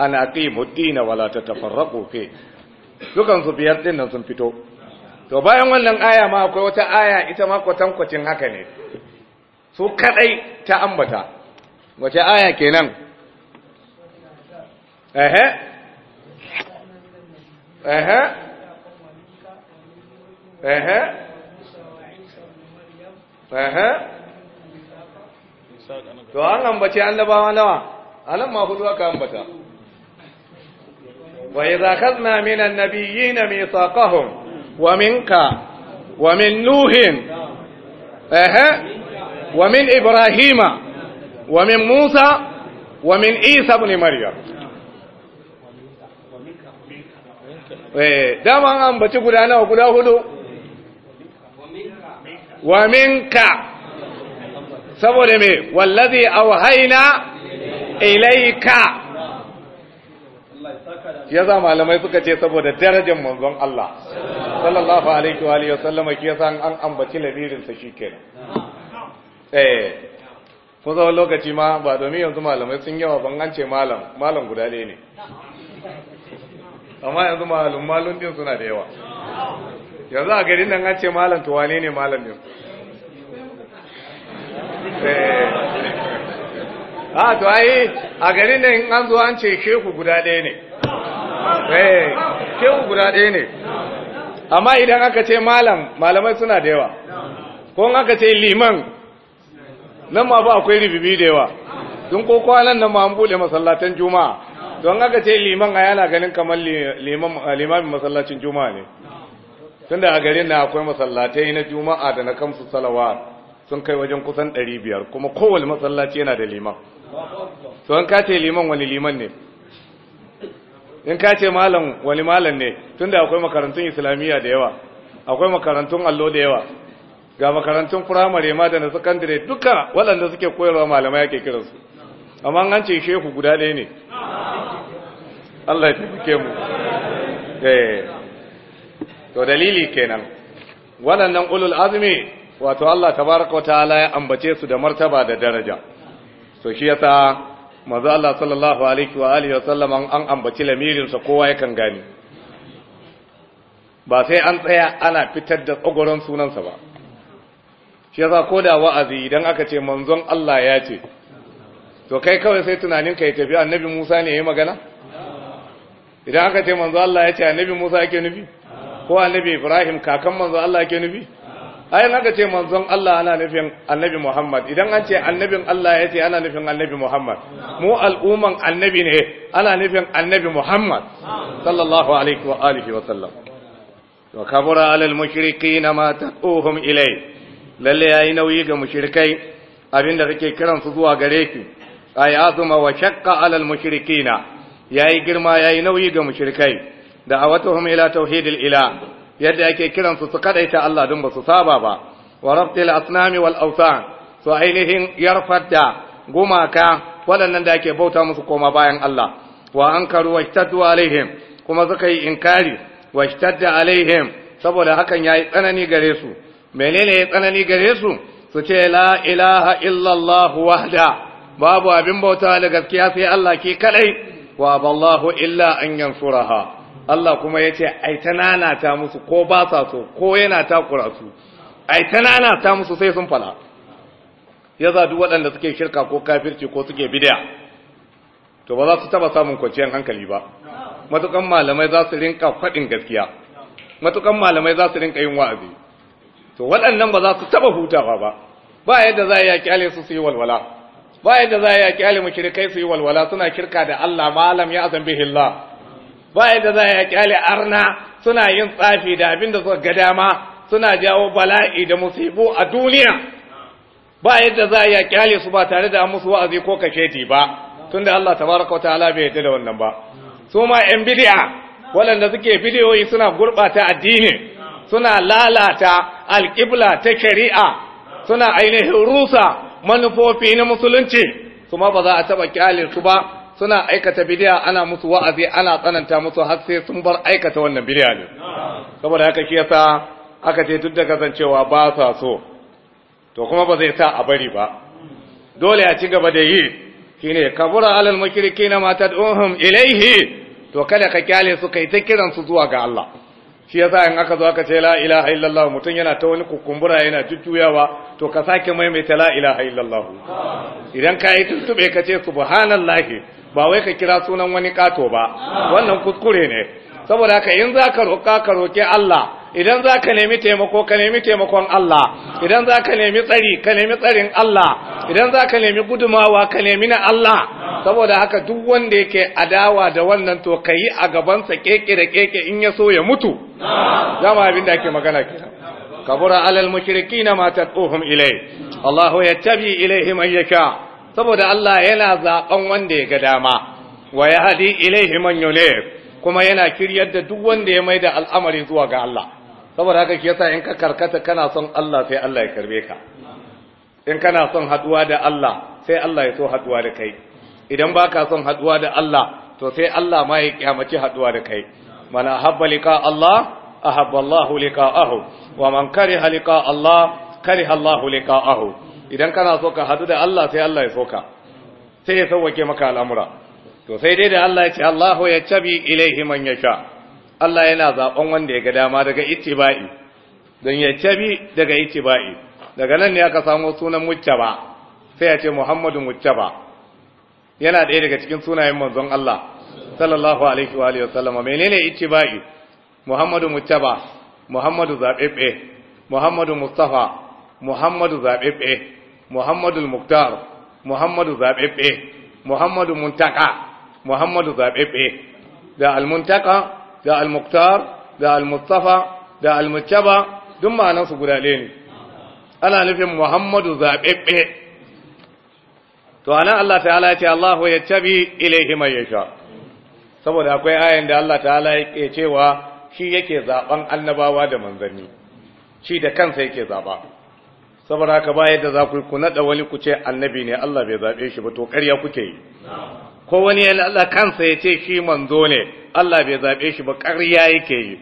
an aqimu dina wala tatafarraqu fi dukan su biyar din nan sun fito to bayan wannan aya ma akwai wata aya ita ma kwatankwacin haka ne su kadai ta ambata wace aya kenan ehe ehe ehe ehe to an ambace annabawa nawa anan ma hudu aka ambata وإذا أخذنا من النبيين ميثاقهم ومنك ومن نوح أه ومن إبراهيم ومن موسى ومن عيسى بن مريم daman ambaci guda nawa guda hudu wa minka saboda me wallazi auhaina ilaika ya za malamai suka ce saboda darajar manzon Allah sallallahu alaihi wa alihi wasallama ke san an ambaci sa shikenan eh ko zama lokaci ma ba domin yanzu malamai sun yawa ban an ce malam malam guda ɗaya ne amma yanzu malum malum din suna da yawa yanzu a garin nan an ce malam to wane ne malam din eh. a ah, to ai a garin nan an zo an ce shehu guda ɗaya ne eh guda ɗaya ne amma idan aka ce malam malamai suna da yawa ko aka ce liman nan ma ba akwai ribibi da yawa don ko kwanan nan ma an bude masallatan juma'a don aka ce liman a yana ganin kamar limamin masallacin juma'a ne tunda a garin na akwai masallatai na juma'a da na kamsu salawa sun kai wajen kusan 500 kuma kowane masallaci yana da liman to an ka liman wani liman ne in ka ce malam wani malam ne tunda akwai makarantun islamiyya da yawa akwai makarantun allo da yawa ga makarantun firamare ma da na sakandare duka waɗanda suke koyarwa malamai ke kiransu amma an ce shehu guda ɗaya ne Allah ya mu eh. to dalili kenan waɗannan ulul azumi wato Allah tabaraka wa ta'ala ya ambace su da martaba da daraja so shi yasa manzo Allah sallallahu alaihi wa alihi wasallam an ambaci lamirinsa kowa kowa yakan gani ba sai an tsaya ana fitar da tsogoron sunansa ba shi yasa ko da wa'azi idan aka ce manzon Allah ya ce to kai kawai sai tunanin ka ya tafi annabi Musa ne yayi magana idan aka ce manzo Allah ya ce annabi Musa yake nufi ko annabi Ibrahim kakan manzo Allah yake nufi ayan haka ce manzon Allah ana nufin annabi Muhammad idan an ce annabin Allah ya ce ana nufin annabi Muhammad mu al'umman annabi ne ana nufin annabi Muhammad sallallahu alaihi wa alihi wa sallam wa kabura alal mushrikin ma taqohum ilai lalle yayi nauyi ga mushrikai abinda kake kiran su zuwa gare ki ayi azuma wa shaqqa alal mushrikin yayi girma yayi nauyi ga mushrikai wata ila tauhidil ilah yadda yake kiran su su kadaita Allah din ba su saba ba wa raftil asnami wal awthan su ainihin yarfar da gumaka waɗannan da ake bauta musu koma bayan Allah wa ankaru washtaddu alaihim kuma suka yi inkari washtadda alaihim saboda hakan yayi tsanani gare su menene ya tsanani gare su su ce la ilaha illallah wahda babu abin bauta da gaskiya sai Allah ke kadai wa ballahu illa an yansuraha Allah kuma ya ce ai ta nanata musu ko ba sa so ko yana takura su ai ta nanata musu sai sun fala ya za duk waɗanda suke shirka ko kafirci ko suke bid'a to ba za su taba samun kwanciyar hankali ba matukan malamai za su rinka faɗin gaskiya matukan malamai za su rinka yin wa'azi to waɗannan ba za su taba hutawa ba ba yadda za a yi ale su su yi walwala ba yadda za a yaki ale mushrikai su yi walwala suna shirka da Allah malam ya azan bihillah ba yadda za ya kyale arna suna yin tsafi da abin da suka ga dama suna jawo bala'i da musibu a duniya ba yadda za ya kyale su ba tare da musu wa'azi ko kashedi ba tunda Allah tabaraka wataala bai yarda da wannan ba su ma yan bid'a waɗanda suke bidiyoyi suna gurɓata addini suna lalata alƙibla ta shari'a suna ainihin rusa manufofi na musulunci su ba za a taɓa kyale su ba suna aikata bidiya ana musu wa'azi ana tsananta musu har sai sun bar aikata wannan bidiya ne saboda haka shi yasa aka ce duk da kasancewa ba sa so to kuma ba zai sa a bari ba dole a ci gaba da yi shine kabura alal mushrikeena ma tad'uhum ilayhi to kada ka kyale su kai ta kiran su zuwa ga Allah shi yasa in aka zo aka ce la ilaha illallah mutum yana ta wani kukumbura yana jujjuyawa to ka sake maimaita la ilaha illallah idan ka yi tuntube ka ce subhanallahi ba wai ka kira sunan wani kato ba wannan kuskure ne saboda haka in za ka roƙa ka roƙi Allah idan za ka nemi taimako ka nemi taimakon Allah idan za ka nemi tsari ka nemi tsarin Allah idan za ka nemi gudumawa ka nemi na Allah saboda haka duk wanda yake adawa da wannan to ka yi a gabansa keke da keke in ya so ya mutu zama abin da ake magana ke kabura alal mushrikina ma tad'uhum ilay Allahu yattabi ilayhi ayyaka saboda Allah yana zaɓan wanda ya ga dama wa ya haɗi ilaihi man ne? kuma yana kiryar da duk wanda ya maida al'amari zuwa ga Allah saboda haka ke yasa in ka karkata kana son Allah sai Allah ya karbe ka in kana son haɗuwa da Allah sai Allah ya so haɗuwa da kai idan ba ka son haɗuwa da Allah to sai Allah ma ya kyamaci haɗuwa da kai mana habba liƙa Allah أحب الله لقاءه ومن كره لقاء الله كره الله لقاءه idan kana so ka hadu da Allah sai Allah ya so ka sai ya sauwake maka al'amura to sai dai da Allah ya ce Allahu ya tabi ilaihi man yasha Allah yana zaben wanda ya ga dama daga ittiba'i dan ya tabi daga ittiba'i daga nan ne aka samu sunan muttaba sai ya ce Muhammadu muttaba yana ɗaya daga cikin sunayen manzon Allah sallallahu alaihi wa alihi wasallama menene ittiba'i Muhammadu muttaba Muhammadu zabebe Muhammadu mustafa Muhammadu zabebe muhammadu muktar muhammadu zaɓeɓɓe muhammadu muntaka muhammadu zaɓeɓɓe da al-Muntaka, da al almuktar da al almustafa da al almucaba duk ma'anansu guda ɗaya ne ana nufin muhammadu zaɓeɓɓe to anan Allah ta'ala ya ce Allahu ya tabi ilaihi mai yasha saboda akwai ayan da Allah ta'ala ya cewa shi yake zaben annabawa da manzanni shi da kansa yake zaɓa. saboda haka ba yadda za ku ku nada wani ku ce annabi ne Allah bai zabe shi ba to ƙarya kuke yi ko wani yana Allah kansa ya ce shi manzo ne Allah bai zabe shi ba ƙarya yake yi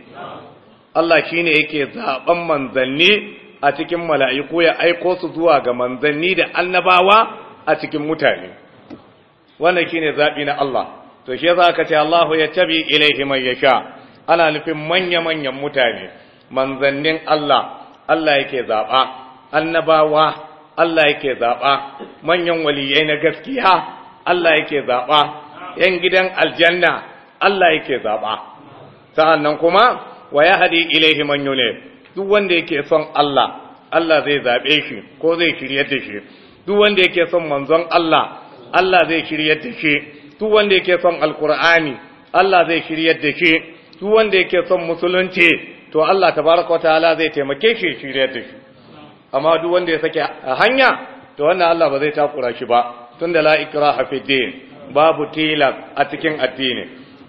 Allah shine yake zaben manzanni a cikin mala'iku ya aiko su zuwa ga manzanni da annabawa a cikin mutane wannan shine zabi na Allah to shi yasa aka ce Allahu yattabi ilaihi man yasha ana nufin manya-manyan mutane manzannin Allah Allah yake zaba annabawa Allah yake zaɓa manyan waliyai na gaskiya Allah yake zaɓa ‘yan gidan aljanna Allah yake zaɓa sa'an kuma wa ya haɗe ilaihi manyo ne duk wanda yake son Allah Allah zai zaɓe shi ko zai shiryar da shi duk wanda yake son manzon Allah Allah zai shiryar da shi duk wanda yake son alkur'ani Allah zai shiryar da shi duk wanda yake son musulunci to Allah tabaraka ta'ala zai taimake shi shiryar da shi amma duk wanda ya sake a hanya to wannan Allah ba zai takura shi ba tunda la ikraha fi din babu tilak a cikin addini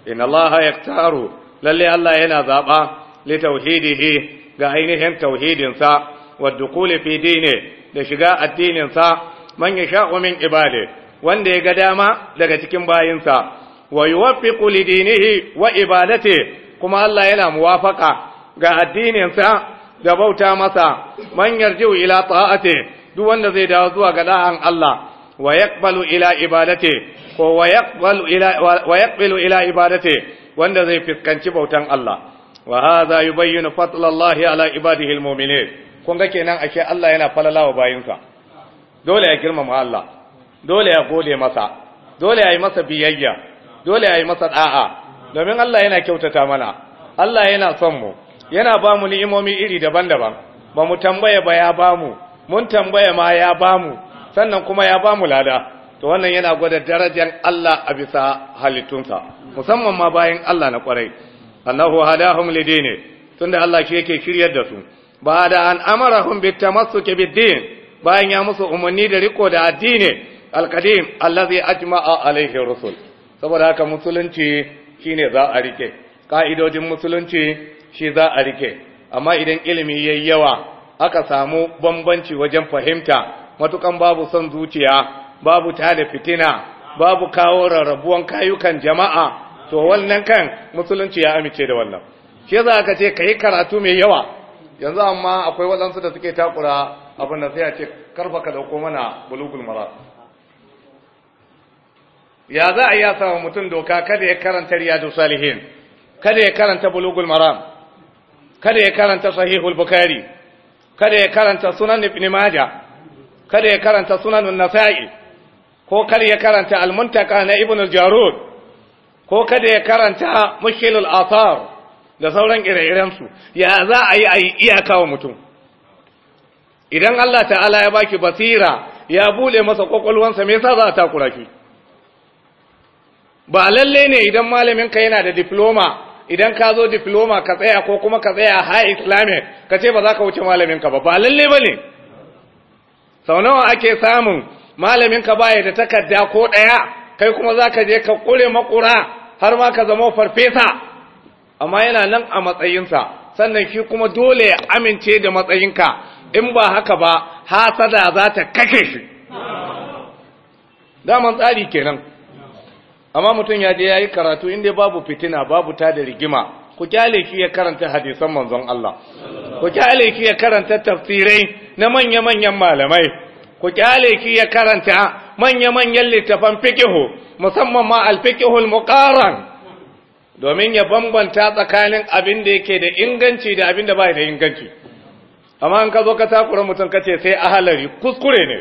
inna Allah ktaru lalle Allah yana zaba li tauhidihi ga ainihin tauhidin sa wa dukuli fi dini da shiga addinin sa man yasha'u min ibade wanda ya ga dama daga cikin bayinsa wa yuwaffiqu li dinihi wa ibadati kuma Allah yana muwafaka ga addinin sa da bauta masa man jiwu ila ta'ati duk wanda zai dawo zuwa ga da'an Allah wa yaqbalu ila ibadati ko wa yaqbalu ila wa yaqbalu ila ibadati wanda zai fiskanci bautan Allah wa hadha yubayyinu fadla Allah ala ibadihi almu'minin kun ga kenan ashe Allah yana falalawa bayinsa dole ya girmama Allah dole ya gode masa dole ya yi masa biyayya dole ya yi masa da'a domin Allah yana kyautata mana Allah yana son mu yana ba mu ni'imomi iri daban-daban ba mu tambaya ba ya ba mu mun tambaya ma ya ba mu sannan kuma ya ba mu lada to wannan yana gwada darajar Allah a bisa halittunsa musamman ma bayan Allah na kwarai Allahu hadahum lidini tunda Allah shi yake shiryar da su ba da an amarahum bitamassuki bid-din bayan ya musu umarni da riko da addini alqadim allazi ajma'a alaihi rusul saboda haka musulunci shine za a rike ka'idojin musulunci shi za a rike amma idan ilimi ya yi yawa aka samu bambanci wajen fahimta matukan babu son zuciya babu tada fitina babu kawo rarrabuwan kayukan jama'a to wannan kan musulunci ya amince da wannan shi yasa aka ce kai karatu mai yawa yanzu amma akwai waɗansu da suke takura abin da sai a ce karfa ka dauko mana bulugul mara ya za a yi ya mutum doka kada ya karanta riyadu salihin kada ya karanta bulugul maram kada ya karanta sahihul bukhari kada ya karanta sunan ibn majah kada ya karanta sunan an-nasa'i ko kada ya karanta al-muntaka na ibn al-jarud ko kada ya karanta mushkilul athar da sauran ire-iren su ya za a yi ayi iyaka wa mutum idan Allah ta'ala ya baki basira ya buɗe masa kokolwansa me yasa za a kuraki ba lalle ne idan malamin ka yana da diploma idan ka zo diploma ka tsaya ko kuma ka tsaya high islamic ka ce ba za ka wuce malaminka ba ba lalle ba ne sau nawa ake samun malaminka baya da takarda ko ɗaya kai kuma za ka je ka kure makura har ma ka zama farfesa amma yana nan a matsayinsa sannan shi kuma dole ya amince da matsayinka in ba haka ba hasada za ta kake shi daman tsari kenan amma mutum ya je ya yi karatu inda babu fitina babu ta da rigima ku kyale shi ya karanta hadisan manzon Allah ku kyale shi ya karanta tafsirai na manya-manyan malamai ku kyale shi ya karanta manya-manyan littafan fikihu musamman ma alfikihul muqaran domin ya bambanta tsakanin abin da yake da inganci da abin da bai da inganci amma in ka zo ka takura mutum kace sai ahalari kuskure ne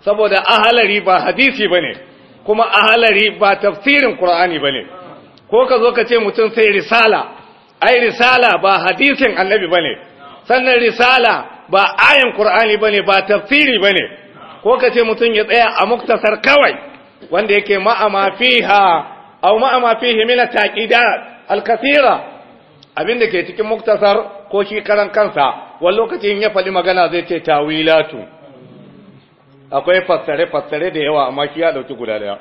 saboda ahalari ba hadisi ba ne. kuma a halari ba tafsirin qur'ani bane ko ka zo ka ce mutum sai risala ai risala ba hadisin annabi bane sannan risala ba ayan qur'ani bane ba tafsiri bane ko ka ce mutum ya tsaya a muktasar kawai wanda yake ma'ama fiha aw ma'ama fihi min taqidat al-kathira abinda ke cikin muktasar ko shi karan kansa wani lokacin ya faɗi magana zai ce tawilatu akwai fassare-fassare da yawa amma shi ya dauki guda daya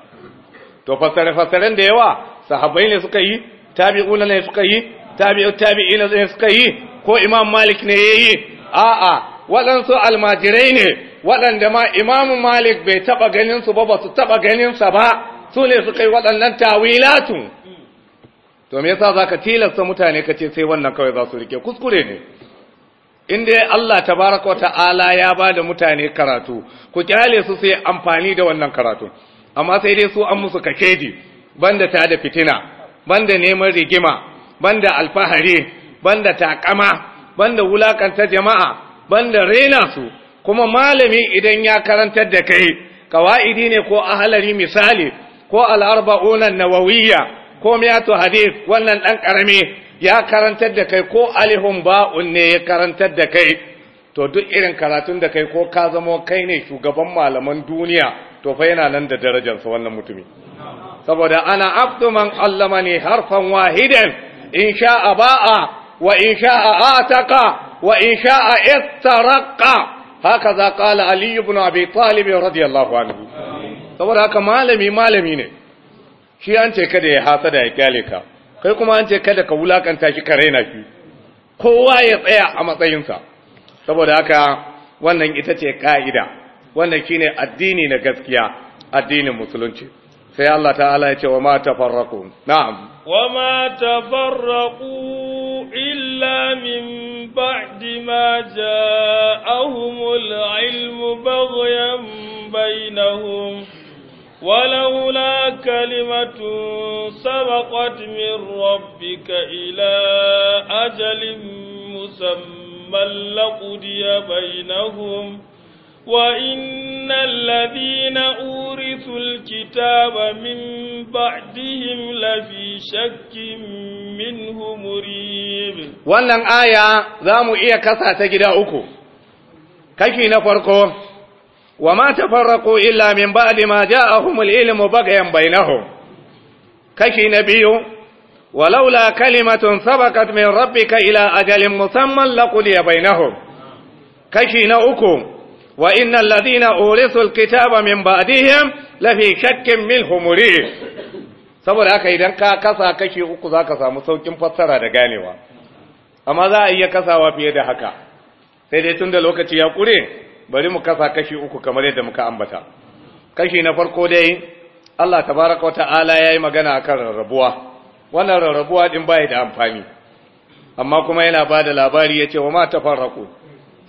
to fassare-fassaren da yawa sahabbai ne suka yi tabi'una ne suka yi tabi'u tabi'ina ne suka yi ko imam malik ne yayi a'a waɗansu almajirai ne waɗanda ma imam malik bai taba ganinsu ba ba su taba ganin sa ba su ne suka yi waɗannan tawilatu to me yasa zaka tilasta mutane ka ce sai wannan kawai za su rike kuskure ne in dai Allah tabaraka ta'ala ya ba da mutane karatu ku kyale su sai amfani da wannan karatu amma sai dai su an musu ban banda ta da fitina banda neman rigima banda alfahari banda takama banda wulakanta jama'a banda rena su kuma malami idan ya karantar da kai kawaidi ne ko ahalari misali ko al-arba'una nawawiyya ko miyatu hadith wannan ɗan ƙarami ya karantar da kai ko alihun ba'un ne ya karantar da kai to duk irin karatun da kai ko ka zama kai ne shugaban malaman duniya to fa yana nan da darajarsa wannan mutumi saboda ana abdu man allama ne harfan wahidan in sha'a ba'a wa in sha'a ataka wa in sha'a ittaraqa haka za kala ali ibn abi talib radiyallahu anhu saboda haka malami malami ne shi an ce kada ya hasada ya kyale ka kai kuma an ce kada ka wulakanta shi ka raina shi kowa ya tsaya a matsayinsa saboda haka wannan ita ce ka'ida wannan shine addini na gaskiya addinin musulunci sai Allah ta'ala ya ce wa ma tafarraqu na'am wa ma tafarraqu illa min ba'di ma ja'ahumul ilmu baghyan bainahum ولولا كلمة سبقت من ربك إلى أجل مسمى لقضي بينهم وإن الذين أورثوا الكتاب من بعدهم لفي شك منه مريب وأن آية ذا mu كسا تجد أكو كيف نفرقه wa ma tafarraqu illa min ba'di ma ja'ahum al-ilmu baghyan bainahum kashi na biyu walaula kalimatun sabaqat min rabbika ila ajalin musamman laqudiya bainahum kashi na uku wa innal ladina urisul kitaba min ba'dihim lafi shakkin minhu murib saboda haka idan ka kasa kashi uku zaka samu saukin fassara da ganewa amma za a iya kasawa fiye da haka sai dai tun da lokaci ya ƙure. bari mu kasa kashi uku kamar yadda muka ambata kashi na farko dai Allah tabaraka wa ta'ala yayi magana akan rarrabuwa wannan rarrabuwa din bai da amfani amma kuma yana bada labari yace wa ma tafarraqu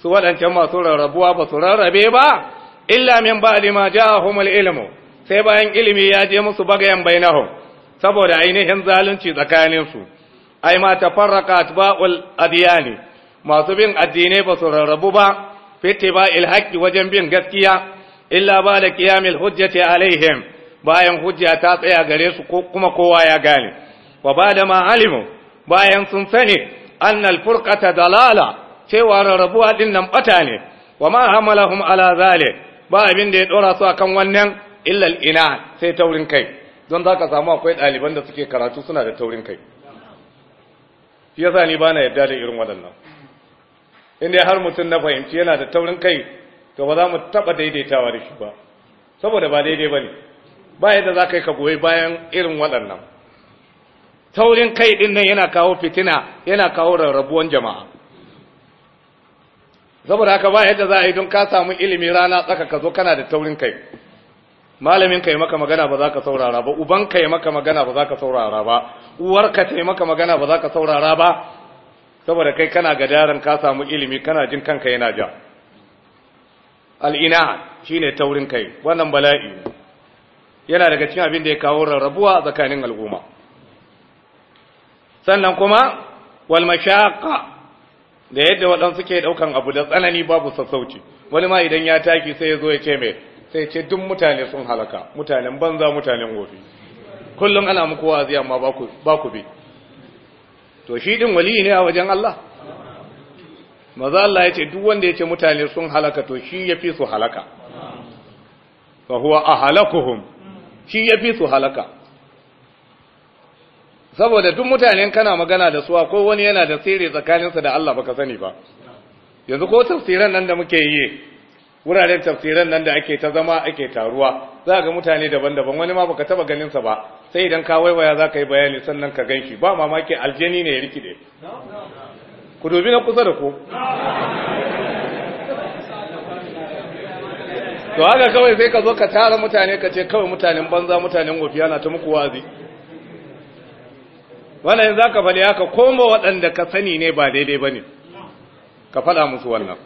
su wadancan masu rarrabuwa ba su rarrabe ba illa min ba'di ma al ilmu sai bayan ilimi ya je musu bagayan bainahum saboda ainihin zalunci tsakaninsu ai ma tafarraqat ba'ul adyani masu bin addinai ba su rarrabu ba fiti ba ilhaqi wajen bin gaskiya illa ba da qiyamil hujjati alaihim bayan hujja ta tsaya gare su ko kuma kowa ya gane wa ba da ma bayan sun sani annal furqata dalala cewa rarrabuwa din nan bata ne wa ma hamalahum ala ba abin da ya dora su akan wannan illa ina sai taurin kai don zaka samu akwai ɗaliban da suke karatu suna da taurin kai shi yasa ni bana yarda da irin waɗannan inda har mutum na fahimci yana da taurin kai to ba za mu taɓa daidaitawa da shi ba saboda ba daidai ba ne ba yadda za ka yi ka goyi bayan irin waɗannan taurin kai ɗin nan yana kawo fitina yana kawo rarrabuwan jama'a saboda haka ba yadda za a yi don ka samu ilimi rana tsaka ka zo kana da taurin kai malamin ka yi maka magana ba za ka saurara ba uban ka yi maka magana ba za ka saurara ba uwar ka yi maka magana ba za ka saurara ba saboda kai kana gadaran ka samu ilimi kana jin kanka yana ja al'ina shine taurin kai wannan bala'i yana daga cikin abin da ya kawo rarrabuwa tsakanin al'umma sannan kuma wal da yadda waɗansu ke ɗaukan abu da tsanani babu sassauci wani ma idan ya taki sai ya zo ya ce mai sai ce duk mutane sun halaka mutanen banza mutanen wofi kullum ana muku wa'azi amma ba ku bi to shi din wali ne a wajen Allah maza Allah ya ce duk wanda ya ce mutane sun halaka to shi ya fi su halaka fa huwa ahalakuhum shi ya fi su halaka saboda duk mutane kana magana da su akwai wani yana da sirri tsakaninsa da Allah baka sani ba yanzu ko tafsiran nan da muke yi wuraren tafsiran nan da ake ta zama ake taruwa za ga mutane daban-daban wani ma baka taba ganin sa ba sai idan ka waiwaya za ka yi bayani sannan ka ganshi ba mamaki aljani ne ya rikide ku dubi na kusa da ku to haka kawai sai ka zo ka tara mutane ka ce kawai mutanen banza mutanen wafiya na ta muku wazi wannan yanzu ka fali haka koma waɗanda ka sani ne ba daidai ba ne ka faɗa musu wannan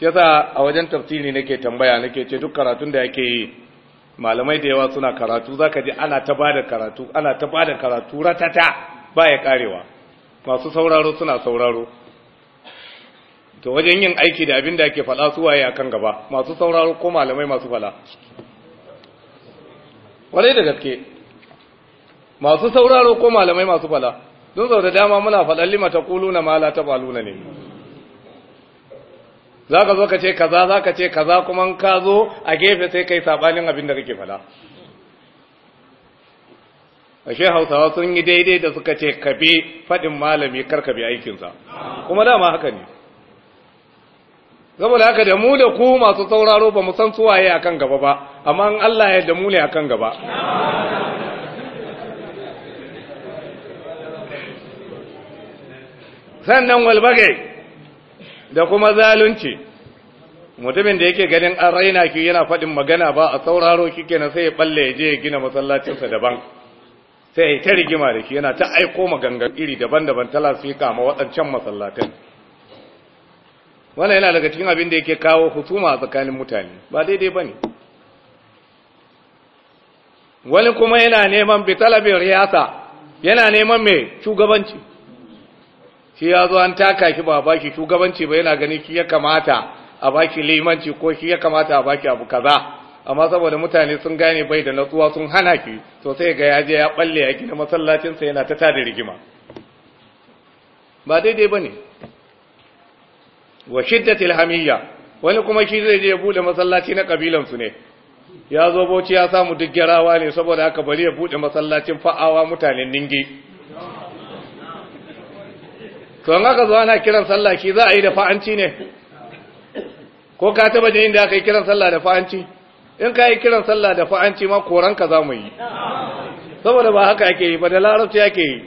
shi yasa a wajen tafsiri nake tambaya nake ce duk karatun da yake yi malamai da yawa suna karatu zaka ji ana ta bada karatu ana ta bada karatu ratata ba ya karewa masu sauraro suna sauraro to wajen yin aiki da abin da ake faɗa su waye akan gaba masu sauraro ko malamai masu fala. Wani da gaske masu sauraro ko malamai masu fala, don sau da dama muna fadalli mata ta kuluna mala ta baluna ne za ka zo ka ce kaza za ka ce kaza kuma ka zo a gefe sai kai sabanin abin da kake fada ashe hausawa sun yi daidai da suka ce ka bi faɗin malami kar ka bi aikinsa kuma dama haka ne saboda haka da mu da ku masu sauraro ba mu san suwaye akan gaba ba amma in Allah ya da mu ne akan gaba sannan walbagai da kuma zalunci mutumin da yake ganin an raina ki yana faɗin magana ba a sauraro ki kenan sai ya balle ya je ya gina masallacinsa daban sai ya ta rigima da ki yana ta aiko magangan iri daban-daban ta lasika ma waɗancan masallatan wannan yana daga cikin abin da yake kawo husuma a tsakanin mutane ba daidai ba ne wani kuma yana neman bi talabin riyasa yana neman mai shugabanci shi ya zo an taka ki ba baki shugabanci ba yana gani ki ya kamata a baki limanci ko ki ya kamata a baki abu kaza amma saboda mutane sun gane bai da natsuwa sun hana ki to sai ga yaje ya balle ya gina masallacin sa yana ta da rigima ba daidai bane wa shiddatil hamiyya wani kuma shi zai je ya bude masallaci na kabilan su ne ya zo bauchi ya samu duk gyarawa ne saboda haka bari ya bude masallacin fa'awa mutanen ninge to an aka zo ana kiran sallah shi za a yi da fa'anci ne ko ka taba jin inda aka yi kiran sallah da fa'anci in ka yi kiran sallah da fa'anci ma koranka za mu yi saboda ba haka ake yi ba da larabci ake yi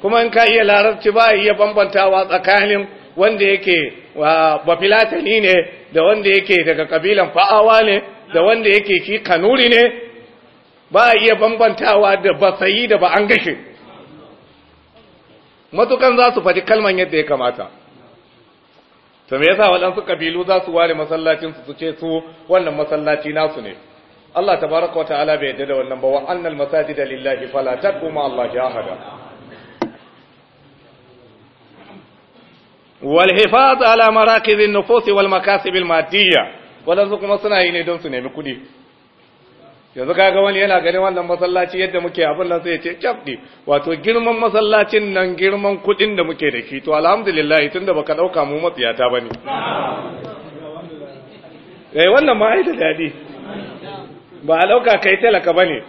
kuma in ka iya larabci ba iya bambantawa tsakanin wanda yake ba filatani ne da wanda yake daga kabilan fa'awa ne da wanda yake shi kanuri ne ba iya bambantawa da sayi da ba an gashi matukan za su faɗi kalman yadda ya kamata to me yasa waɗansu kabilu za su ware masallacinsu su ce su wannan masallaci nasu ne Allah wata wataala bai yadda da wannan ba wa annal masajida lillahi fala ta, kuma Allah ahada wal hifaz ala marakiz an wal makasib waɗansu kuma suna yi ne don su nemi kuɗi yanzu kaga wani yana ganin wannan masallaci yadda muke abin nan sai ya ce kyafdi wato girman masallacin nan girman kuɗin da muke da shi to alhamdulillah tunda baka ɗauka mu matsiyata bane eh wannan ma ai da dadi ba a ɗauka kai talaka bane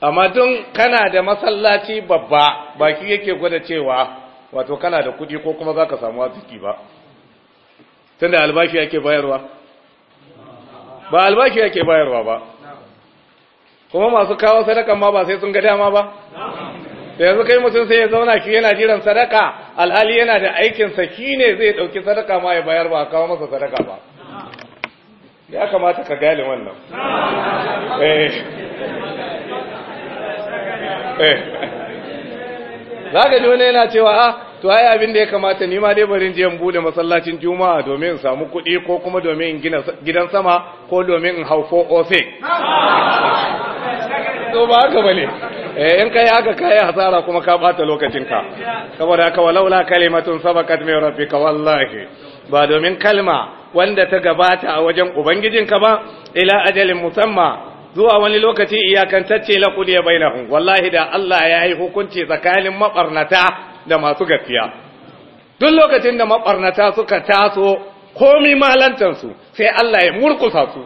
amma tun kana da masallaci babba baki yake gwada cewa wato kana da kuɗi ko kuma zaka samu arziki ba tunda albashi yake bayarwa ba albashi yake bayarwa ba kuma masu kawo sadaka ma ba sai sun ga dama ba da yanzu kai mutum sai ya zauna ki yana jiran sadaka alhali yana da aikin saki ne zai dauki sadaka ma ya bayar ba kawo masa sadaka ba ya kamata ka gali wannan eh. Eh. za ka ji wani yana cewa ah? to ai abin da ya kamata ni ma dai barin je in bude masallacin juma'a domin in samu kuɗi ko kuma domin in gina gidan sama ko domin in hau 406 to ba haka bane eh, in kai haka kai hasara kuma ka bata lokacin lokacinka saboda haka walaula kalimatun sabaqat min rabbika wallahi ba domin kalma wanda ta gabata a wajen ubangijinka ba ila ajalin musamma zuwa wani lokaci iyakantacce la kudiya bainahum wallahi da Allah ya yi hukunci tsakanin mabarnata da masu gaskiya duk lokacin da mabarnata suka taso komi malantansu sai Allah ya murkusa su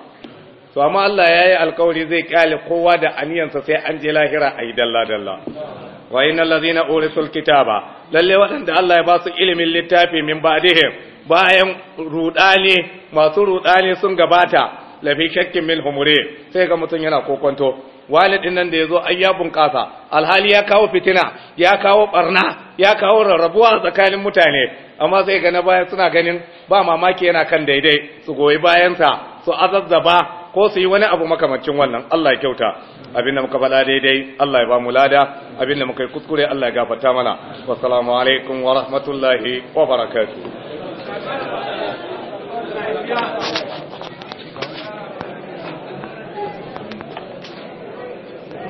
to amma Allah ya yi alkawari zai kyale kowa da aniyansa sai an je lahira a yi dalla-dalla wa yi nallazi na orisul kitaba lalle waɗanda Allah ya ba su ilimin littafi min ba bayan rudani masu rudani sun gabata lafi shakkin min humure sai ga mutum yana kokonto walid din nan da yazo ai ya bunƙasa alhali ya kawo fitina ya kawo ɓarna ya kawo rarrabuwa tsakanin mutane amma sai ga na baya suna ganin ba mamaki yana kan daidai su goyi bayansa su azazzaba ko su yi wani abu makamancin wannan Allah ya kyauta da muka faɗa daidai Allah ya ba mu lada da muka yi kuskure Allah ya gafarta mana wasalamu alaikum wa rahmatullahi wa barakatuh